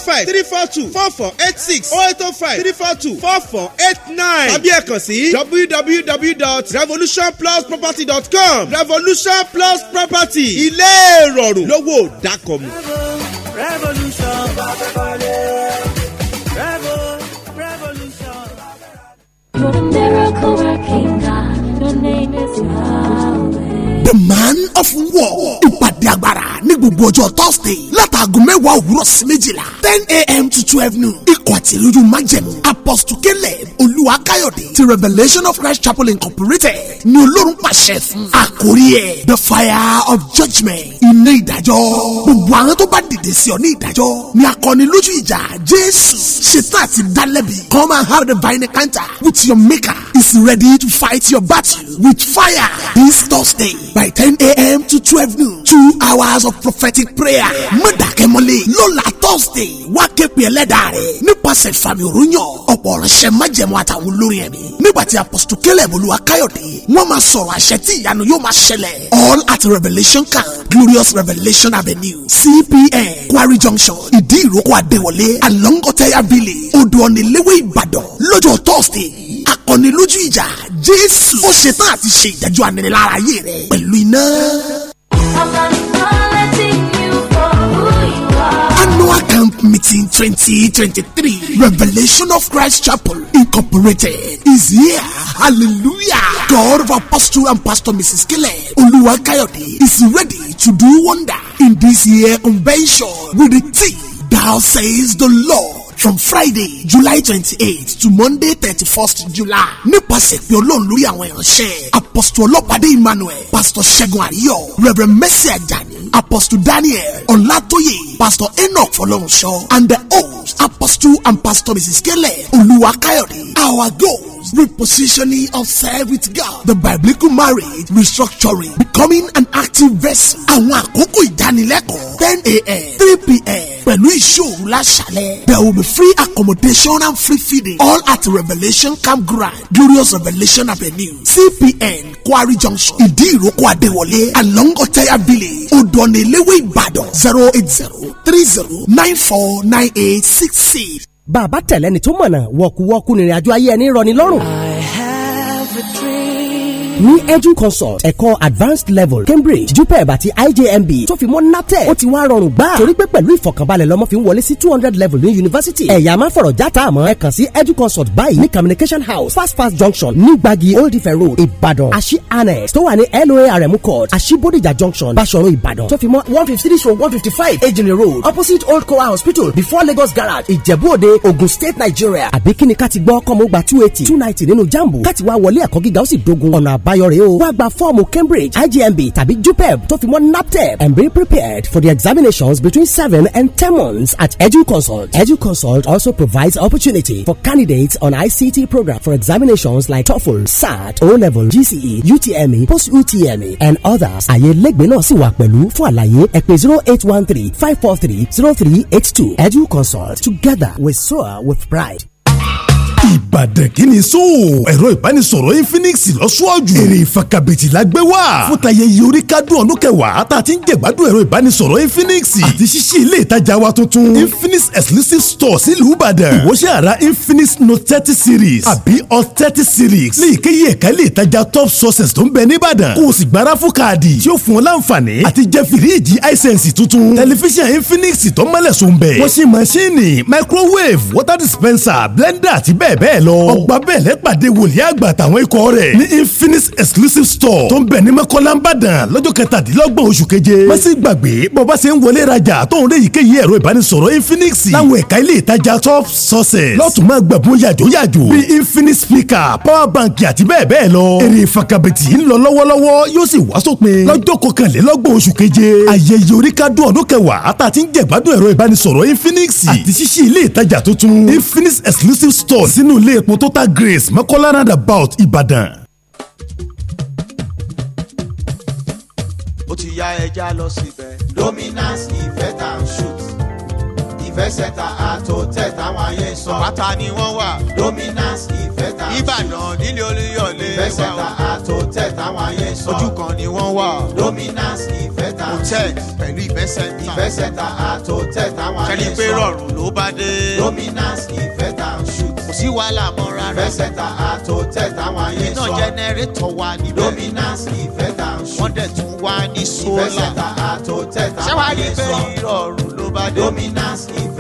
Speaker 8: four four eight six oh eight oh five three four two four four four eight nine tàbí ẹ sí www.revolutionplusproperty.com revolution plus property ilé ìrọ̀rùn lówó dákọ̀mù. revolution bá fẹ́ kọ́lé.
Speaker 13: revolution.
Speaker 12: the man of war ìpàdé agbára ní gbogbo ọjọ́ thursday látàgò mẹ́wàá òwúrọ̀ sí méjìlá ten a.m. to twelve noon ikọ̀ àtìlójú májẹ̀mú apostle caleb olúwakáyọ̀dé ti revelation of christ chapel incorporated ní olórun pàṣẹ fún àkórí ẹ̀ the fire of judgement iná ìdájọ́ gbogbo àwọn tó bá dìde sí ọ ní ìdájọ́ ni akọni lójú ìjà jésù ṣetán
Speaker 1: àti dálẹ́bi come and have the vine encounter with your maker is ready to fight your battle
Speaker 14: with fire this thursday by ten a.m. to 12 noon two hours of prophetic prayer mọ̀dàkẹ́mọ́lẹ̀ lọ́la thursday wá képe ẹlẹ́dàá rẹ̀ nípasẹ̀ ìfàmì òrùnyàn ọ̀pọ̀ ọ̀rẹ́sẹ̀ májẹ̀mú àtàwọn olórin ẹ̀mí nígbà tí apọ́sítù kẹlẹ̀ olúwa káyọ̀dé wọ́n máa sọ̀rọ̀ àṣẹ tí ìyanu yóò máa ṣẹlẹ̀ all at revelation camp glorious revelation avenue cpn quarry junction ìdí ìrókò àdéwọlé along ọ̀tẹ̀yà village odò ọ̀nìlẹ́wẹ̀ ìbàdàn lọ́jọ́ thursday akọni lójú ìjà jésù ó ṣetán àti ṣe ìdájọ́ aninilára ayé rẹ pẹ̀lú iná.
Speaker 12: Annual Camp Meeting 2023
Speaker 14: Revelation of Christ Chapel Incorporated is here. Hallelujah. God of Apostle and Pastor Mrs. Kile Oluwakayode is ready to do wonder in this year convention with the team, Thou says the Lord from Friday July twenty-eight to Monday thirty-first July nípasẹ̀ pé Ọlọ́run lórí àwọn ìránṣẹ́ Apostle Ọlọ́pàdé Emmanuel Pastor Ṣẹ́gun Àríyọ̀ Reverend Mercy Ajani Apostle
Speaker 12: Daniel Ọlátóyè Pastor Enoch Fọlọ́runṣọ́ and the host Apostle and Pastor Mrs. Kele Olúwa Káyọ̀dé our goal repositioning of self with God,
Speaker 1: the biblical marriage, restructuring, becoming an active vessel. Àwọn àkókò ìdánilẹ́kọ̀ọ́ ten a.m. three p.m. pẹ̀lú ìṣòro láṣálẹ̀. There will be free accommodation and free feeding all at Revelation Campground, Glorious Revelation Avenue, CPN,
Speaker 12: Quarry Junction, Ìdí Ìrókò Adéwọlé, along Ọ̀tẹ́yà Village, Odò Ọ̀nà Eléwé
Speaker 14: Ìbàdàn, zero eight zero three zero nine four nine eight six six bàbá tẹ̀lẹ́ni tó mọ̀nà wọ̀kúwọ́kú nìrìn àjò ayé ẹni rọni lọ́rùn ní educonsult ẹ̀kọ́ advanced level cambridge jupeb àti ijmb tó fi mọ́ natec ó ti wá rọrùn gbà torí pé pẹ̀lú ìfọ̀kànbalẹ̀ lọ́mọ fi ń wọlé sí two hundred level ní yunifásitì ẹ̀yà máa fọ̀rọ̀ játa àmọ́ ẹ kàn sí educonsult báyìí ní communication house fast fast junction ní gbagi old ife road ìbàdàn àṣì annex tó wà ní loarm court àṣì bodijà junction báṣọ̀rọ̀ ìbàdàn tó fi mọ́ one fifty three to one fifty five ejinle road opposite old kowa hospital before lagos garage ìjẹ̀bú-òde ogun state nigeria àbí kíni ká ti gbọ́ kọ́mọ́gbà two eighty two ninety nínú jambu ká ti wá wọlé ẹ̀kọ́ gíga ó sì dogun ọ̀nà àbá àbáyọ rèé o wá gba fọ́ọ̀mù Cambridge IGMB tàbí JUPEB tó fi mọ́ NAPTEP and be prepared for the examinations between seven and ten months at EduConsult. EduConsult also provides opportunity for candidates on ICT program for examinations like TOEFL, SAT, O-Level, GCE, UTME, Post-UTME and others. Àyè lẹ́gbẹ̀ẹ́ náà sì wà pẹ̀lú fún àlàyé ẹ pè zero eight one three five 0813 543 0382. EduConsult together we soar with pride.
Speaker 1: ìbàdàn kí ni so ẹ̀rọ ìbánisọ̀rọ̀ infinix lọ́sọ̀ọ́jù èrè ìfakabètì la gbé wá fún tayẹyẹ oríkádùn ọdún kẹwàá tá a ti ń jẹ̀gbádùn ẹ̀rọ ìbánisọ̀rọ̀ infinix àti ṣíṣí ilé ìtajà wa tuntun infinix exclusive store sílùú ìbàdàn ìwọ́ṣẹ́ ara infinix note thirty series àbí hot thirty series ní ìkéyìí ẹ̀ka ilé ìtajà top sources tó ń bẹ níbàdàn kó o sì gbára fún káàdì tí ó fún ọ láǹfààní àti jẹ fìríìjì àìsẹ̀nsì tuntun microwave water dispenser blender àti bẹ́ẹ̀ bẹ́ẹ̀ lọ ọgbà bẹ́ẹ̀lẹ́ pàdé wòlíì àgbà àtàwọn ikọ̀ rẹ̀ ní infinix exclusive store tó ń bẹ̀ ní mọ́kànlá ńbàdàn lọ́jọ́ kẹtàdínlọ́gbọ̀n oṣù keje má sì gbàgbé bọ́ba ṣe ń wọlé rajà tó ń lé èyíkéyìí ẹ̀rọ ìbánisọ̀rọ̀ infinix láwọn ẹ̀ka ilé ìtajà top sources lọ́tún máa gbẹ̀bùn yàjò yàjò bíi infinix speaker power bank àti bẹ́ẹ̀ bẹ́ẹ̀ lọ èrè ìfakabìtì ń lọ lọ́wọ́lọ́wọ́ yóò sì wá sópin lọ́jọ́ kọkànlélọ́gbọ̀n oṣù keje ayẹyẹ oríkádùn ọdún kẹwàá àtàtí ń jẹ̀gbádùn ẹ̀rọ ìbánisọ̀rọ̀ infinix àti exclusive store sínú ilé epo total grace mọ́kọ́lá roundabout ìbàdàn.
Speaker 8: ó ti ya ẹja lọ síbẹ̀ dominance ìfẹ́ tá à ń ṣùt ìfẹ́ sẹ́ta àtòtẹ́ táwọn ayé ń sọ. bàtà ni wọ́n wà. dominance ìfẹ́ tá à ń ṣùt ìbàdàn nílé olúyọ̀lé wà. ìfẹ́ sẹ́ta àtòtẹ́ táwọn ayé ń sọ. ojú kan ni wọ́n wà. dominance ìfẹ́ tá à ń ṣùt hòtẹ́ẹ̀ pẹ̀lú ìfẹ́ sẹ́ta. ìfẹ́ sẹ́ta àtòtẹ́ táwọn ayé ń sọ. kẹ́lí pé rọrùn ló bá dé. dominance ìfẹ́ wa là mọ́ rárá. fẹsẹ̀tà àtòtẹ́ táwọn ayé sọ. iná jẹnẹrétọ̀ wa níbẹ̀. dominance ìfẹ́ ń sùn. wọ́n dẹ̀ tún wá ní sólà. ìfẹsẹ̀tà àtòtẹ́ táwọn ayé sọ. ṣé wàá rí bẹ́ẹ̀ ìrọ̀rùn ló bá dé. dominance ìfẹ́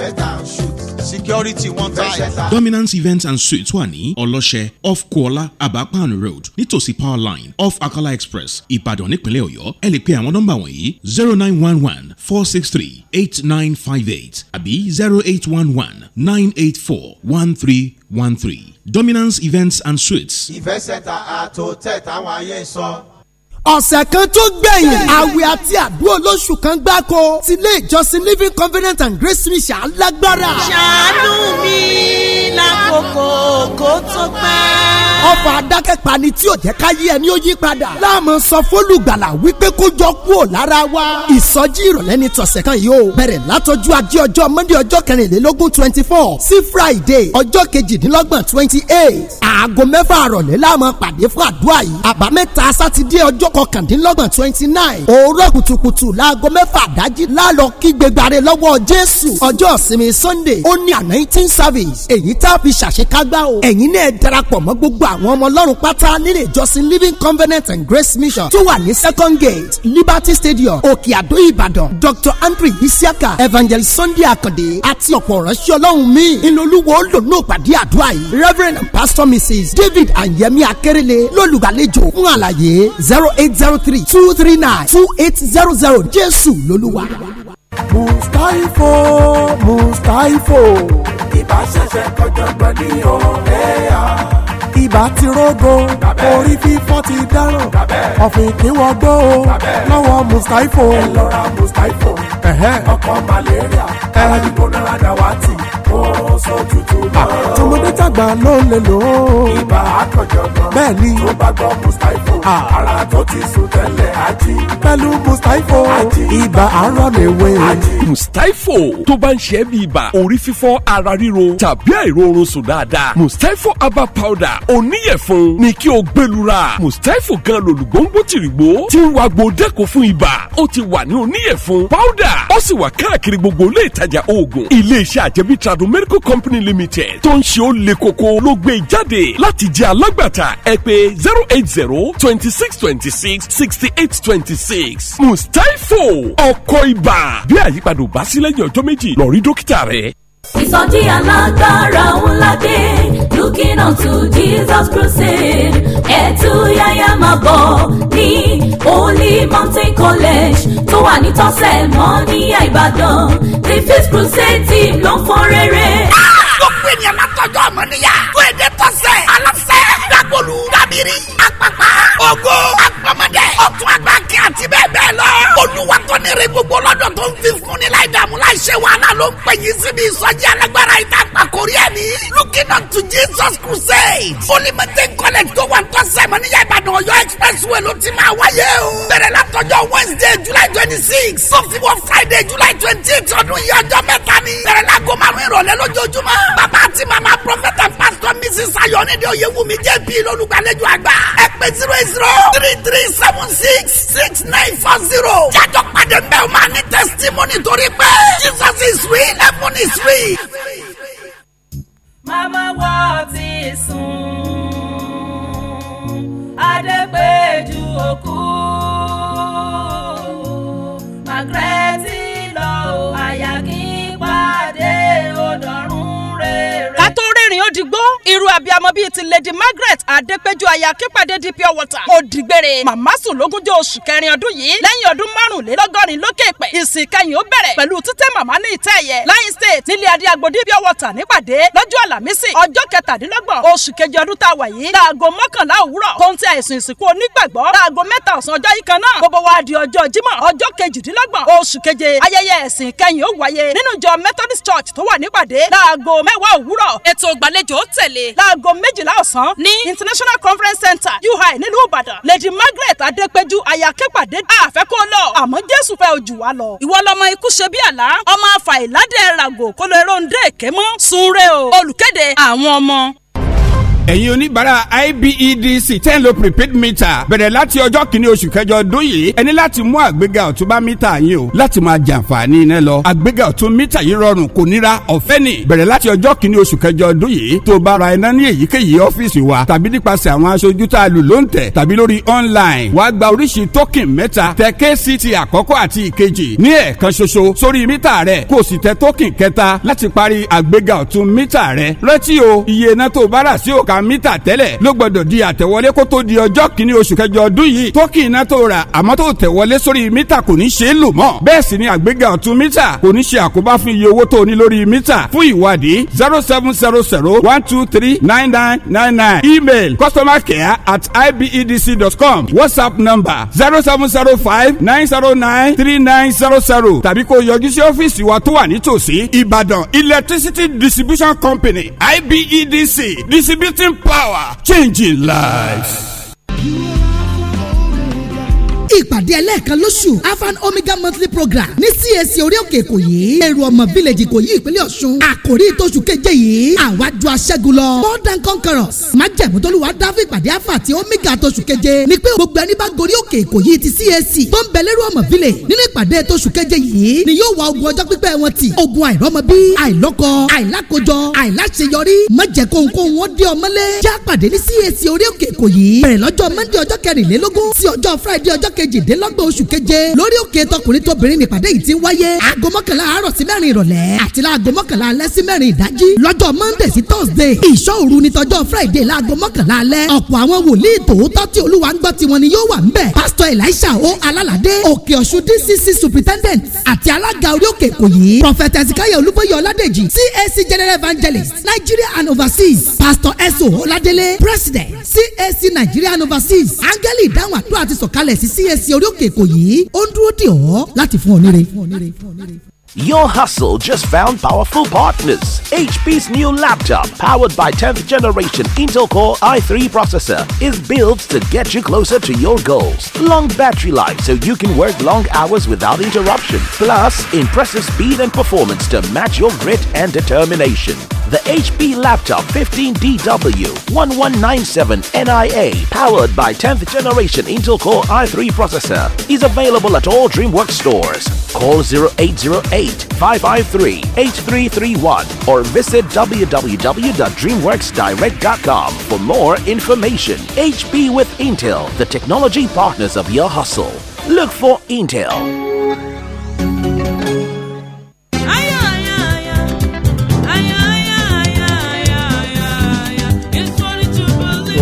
Speaker 8: security wọ́n tire.
Speaker 1: dominance events and suites wà ní ọlọ́ṣẹ́ off kuola abapan road nítòsí power line off akala express ìbàdàn nípínlẹ̀ ọ̀yọ́ ẹ lè pe àwọn nọ́mbà wọ̀nyí zero nine one one four six three eight nine five eight àbí zero eight one one nine eight four one three one three dominance events and suites.
Speaker 8: ìfẹsẹ̀ta àtò táwọn ayé ń sọ ọ̀sẹ̀ kan tó gbẹ̀yìn àwẹ̀ àti àdúrà olóṣù kan gbáko tilé ìjọsìn living covenant and grace mission alágbára. ṣàánú mi
Speaker 12: lákòókò kó tó pẹ́.
Speaker 8: ọfà adákẹ́pà ni tí ò jẹ́ ká yí ẹni ó yí padà. láàmú sọ fólùgbàlà wípé kó jọ kúò lára wa. ìsọjí ìrọ̀lẹ́ ni
Speaker 12: tọ̀sẹ̀ kan yìí o. bẹ̀rẹ̀ látọjú ajé ọjọ́ monday ọjọ́ kẹrìnlélógún twenty four sí friday ọjọ́ kejìdínlọ́gbọ̀n twenty eight. aago mẹ́fà àrọ̀lẹ́ láàmú pàdé fún àdúrà yìí. àbámẹ́ta sátidé ọjọ́ kọkàndínlọ́gbọ̀n twenty nine. òórọ̀ kùtùkùtù sunday ó ní anointing service tá a fi ṣàṣekágbá o. ẹ̀yin náà darapọ̀ mọ́ gbogbo àwọn ọmọ ọlọ́run pátá nílé ìjọsìn living covenant and grace mission tó wà ní second gate liberty stadium òkè àdó ìbàdàn dr andrew isiaka evangelist sunday akande àti ọ̀pọ̀ ìránṣẹ́ ọlọ́run míì ìlólúwo lòlú
Speaker 14: ìpàdé àdúrà yìí reverend pastor mrs david anyemi Akerele. lólùgbàlejò fún àlàyé zero eight zero three two three nine two eight zero zero jésù lolúwa
Speaker 8: mustaifo mustaifo ibà ṣẹ̀ṣẹ̀ kọjọ́gbọ́n ní ọ̀rẹ́ à ibà ti rógo orí fífọ́ ti dáràn ọ̀fìn ìkínwọ́gbó o lọ́wọ́ mùsítáífò. ẹ lọ ra ọkọ̀ malaria aládìgbò náírà dàwátì ó sojútu náà. Ah, tọmọdé tàgbà ló lè lò ó. ibà àkànjọ̀gbọ́n bẹ́ẹ̀ ni tó bá gbọ́ mùsítáífò ah. ara tó ti sùn tẹ́lẹ̀ ají. pẹ̀lú mùsítáífò ibà arọ lè
Speaker 7: wé. mùsítáífò tó bá ń ṣe é bí ibà orí fífọ́ ara ríro tàbí àìróorun sùn dáadáa mùsítáífò herbal powder oníyẹ̀fun ni kí o gbẹlura mustapha gan lòlùgbòǹgbò tìrìgbò ti ń wa gbòdẹ́kọ̀ fún ibà ó ti wà ní oníyẹ̀fun powder ó sì wà káàkiri gbogbo ilé ìtajà oògùn iléeṣẹ́ àjẹbí tradu medical company limited tó ń ṣe ó le koko ló gbé e jáde láti jẹ́ alágbàtà ẹ pè zero eight zero twenty six twenty six sixty eight twenty six mustapha ọkọ̀ ibà bí àyípadà ò bá sí lẹ́yìn ọjọ́ méjì lọ rí dókítà rẹ
Speaker 13: ìsọjí alágbára ńlá dé looking to Jesus crusade ẹ̀tú yáyá máa bọ̀ ní Holy Mountain College tó wà nítòsẹ̀ mọ́ ní Ìbàdàn the fifth crusade team ló ń fọ́n rere. ó pè ní ẹ̀ látọjọ́ ọmọnìyà kó èdè tọ́sẹ̀ aláṣẹ agbábọ́ọ̀lù dábìrì apapa
Speaker 12: ògo apamọ́dẹ ọ̀tún agbákẹ́ àti bẹ́ẹ̀ bẹ́ẹ̀ lọ. olúwa tó ní rẹ gbogbo lọ́dọ̀ tó ń fi fúnni láì dààmú láì ṣe wàhálà ló ń pè yín síbi ìsọjí alágbára ìta àpàkórí ẹ̀ ní. looking unto Jesus crusade. olùmọ̀tẹ́ college tó wà ń tọ́sẹ̀ níyà ìbàdàn ọ̀yọ́ expressway ló ti máa wáyé o. bẹ̀rẹ̀ látọjọ́ wednesday july twenty six sọ́fíwọ́ friday july twenty eight ọdún yìí ọjọ́ mẹ́ta ni. bẹ̀rẹ̀ láago márùn-ún ìrọ̀lẹ́ lójoojúmọ́. bàbá àti màmá prophet and pastor mrs ayọ̀nídé oyèwùmí jẹ́ vip lọ́lùgbàlejò àgbà ẹ pé zero eight zero three three seven six six nine four zero jájọ pàdé mbẹ́ o máa ní testimony torí pé jesus is real heaven is real.
Speaker 11: màmá wa ti sùn adépèjú òkú. òdìgbó irú abiyamọ bíi ti lady margaret adépẹjọ aya kípàdé di pure water ó dìgbére màmá sùn lógúnjọ́ oṣù kẹrin ọdún yìí lẹ́yìn ọdún márùnlélọ́gọ́rin lókè pẹ̀ ìsìn kẹyìn ó bẹ̀rẹ̀ pẹ̀lú títẹ́ màmá ní ìtẹ́ ẹ̀yẹ lion state nílé adé agbodí pure water nípàdé lọ́jọ́ àlàmísì ọjọ́ kẹtàdínlọ́gbọ̀n oṣù kejì ọdún tá a wà yìí láago mọ́kànlá òwúrọ̀ tó ń tẹ àìsàn ìsìnkú onígbàgbọ́ láago mẹ́ta ọ̀sán ọjọ́ yìí kan náà gbogbo wa di ọjọ́ jímọ̀ ọjọ́ kejìdínlọ́gbọ̀n oṣù keje ayẹyẹ ẹ̀sìn methodist church tó wà nípàdé láago mẹ́wàá òwúrọ̀ ètò ìgbàlej àlejò ó tẹ̀lé láago méjìlá ọ̀sán ní international conference center ui nílùú ìbàdàn lady margaret adépẹ́jú ayakẹ́pàdé àfẹ́ kó lọ àmọ́ jésù fẹ́ ojú wa lọ. ìwọ lọmọ ikú ṣe bí àlá ọmọ afàìládẹ́ ràgò kó lọ erondé èké mọ́ sunre o olùkéde àwọn ọmọ
Speaker 10: ẹ̀yin oníbàárà IBEDC ten lo prepaid meter bẹ̀rẹ̀ láti ọjọ́ kìíní oṣù kẹjọ ọdún yìí ẹni láti mú àgbéga ọ̀tún bá mítà yín o láti máa jàǹfààní iná lọ àgbéga ọ̀tún mítà yìí rọrùn kò nira ọ̀fẹ́ ni bẹ̀rẹ̀ láti ọjọ́ kìíní oṣù kẹjọ ọdún yìí tó bá ra iná ní èyíkéyìí ọ́fíìsì wa tàbí nípasẹ̀ àwọn aṣojú tá a lù ló ń tẹ̀ tàbí lórí online wàá gba oríṣi token mẹ́ta tẹ kct àkọ́kọ́ àti ìkejì ní ẹ̀ẹ̀kan ṣoṣo sórí mítà rẹ kó o sì tẹ token kẹta láti parí àgbéga ọ̀tún iye iná tó bá ka mítà tẹ́lẹ̀ ló gbọ́dọ̀ di àtẹ̀wọlé kó tó di ọjọ́ kìíní oṣù kẹjọ ọdún yìí tó kì í ná tó rà àmọ́ tó tẹ̀wọlé sórí mítà kò ní ṣe é lò mọ́ bẹ́ẹ̀ sì ni àgbéga ọ̀tún mítà kò ní ṣe àkóbá fún iye owó tó ní lórí mítà fún ìwádìí zero seven zero zero one two three nine nine nine nine email customercare at ibedc.com whatsapp number zero seven zero five nine zero nine three nine zero zero tàbí kó yọjú sí ọ́fíìsì wa tó wà nítòsí Ìbàdàn Electricity Distribution Company IBEDC distributor creating power, changing lives.
Speaker 12: ìpàdé ẹlẹ́ẹ̀kan lóṣù afan omega monthly program ní CAC orí òkè èkó yìí èrò ọmọ village èkó yìí ìpínlẹ̀ ọ̀ṣun àkòrí ìtòṣù keje yìí àwa ju aṣẹ́gun lọ more than conquerors májẹ̀mú tó lùwà dá fún ìpàdé afa àti omega tòṣù keje ni pé gbogbo ẹni bá gorí òkè èkó yìí ti CAC tó ń bẹ lérò ọmọ village nínú ìpàdé tòṣù keje yìí ni yóò wá ogun ọjọ́ pípẹ́ wọn ti ogun àìrọ́mọbí àìlọ́kọ àìlákojọ àìláṣeyọrí mọ̀jẹ̀ kóhunkóhun wọn dé ọmọlé já pàdé ní CAC orí òkè èkó yìí bẹ̀rẹ̀ lọ́jọ́ friday ọjọ́ kejìdínlọ́gbọ̀n oṣù keje lórí òkè tọkùnrin tóbìnrin nípàdé yìí ti wáyé aago mọ́kànlá àárọ̀ sí mẹ́rin ìrọ̀lẹ́ àti láago mọ́kànlá alẹ́ sí mẹ́rin ìdájí lọ́jọ́ monday sí thursday ìṣọ́ òru ni tọjọ́ friday láago mọ́kànlá alẹ́ ọ̀pọ̀ àwọn wòlíì tòótọ́ tí olúwa ń gbọ́ tiwọn ni yóò wà ńbẹ̀ pásítọ̀ elisha o alálàdé òkè ọ̀ṣun dcc superintendent àti alága orí òkè ìkòyí prophet ezekiel olúbóyè ọládèjì cac general evangelist nigeria and overseas pastor eso ọládélé president cac nigeria and overseas Angeli, ìdáhùn àdúrà ti sọ̀kalẹ̀ sí cac kábíyèsí orí òkè èkó yìí ó ń dúró dè ọ́ láti fún ọ
Speaker 5: níre.
Speaker 14: Your hustle just found powerful partners. HP's new laptop,
Speaker 9: powered by 10th generation Intel Core i3 processor, is built to get you closer to your goals. Long battery life so you can work long hours without interruption. Plus, impressive speed and performance to match your grit and determination. The HP Laptop 15DW1197NIA, powered by 10th generation Intel Core i3 processor, is available at all DreamWorks stores. Call 0808 8-553-8331 or visit www.dreamworksdirect.com for more information. HP with Intel, the
Speaker 12: technology partners of your hustle.
Speaker 14: Look for Intel.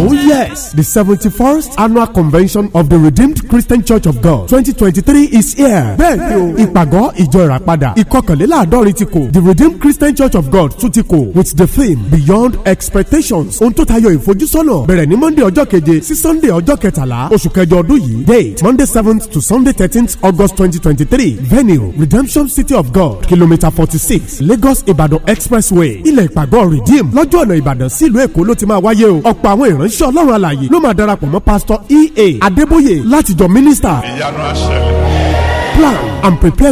Speaker 1: Oh, oh yes, the seventy-first annual convention of the Redeemed Christian Church of God 2023 is here. Bẹ́ẹ̀ni o, ìpàgọ́ ìjọ ìràpadà ìkọkànléláàádọ́rin ti kò. The Redeemed Christian Church of God tún ti kò with the theme Beyond Expectations. Ohun tó tayọ ìfojúsọ́nà bẹ̀rẹ̀ ní Monday ọjọ́ keje sí Sunday ọjọ́ kẹtàlá oṣù kẹjọ ọdún yìí. Date Monday seventh to Sunday thirteenth August twenty twenty three. Venue Redemption City of God kilometre forty six Lagos Ibadan Expressway. Ilẹ̀ ìpàgọ́ Redeem lọ́jọ́ ọ̀nà Ìbàdàn sílùú Èkó ló ti máa wáyé o. Ọ̀pọ̀ àwọn ìránṣẹ́ ìránṣẹ́ ọlọ́run àlàyé ló máa darapọ̀ mọ́ pásítọ̀ ea adébóyè láti jọ mínísítà.
Speaker 8: ìyanu àṣẹ. plan
Speaker 1: and prepare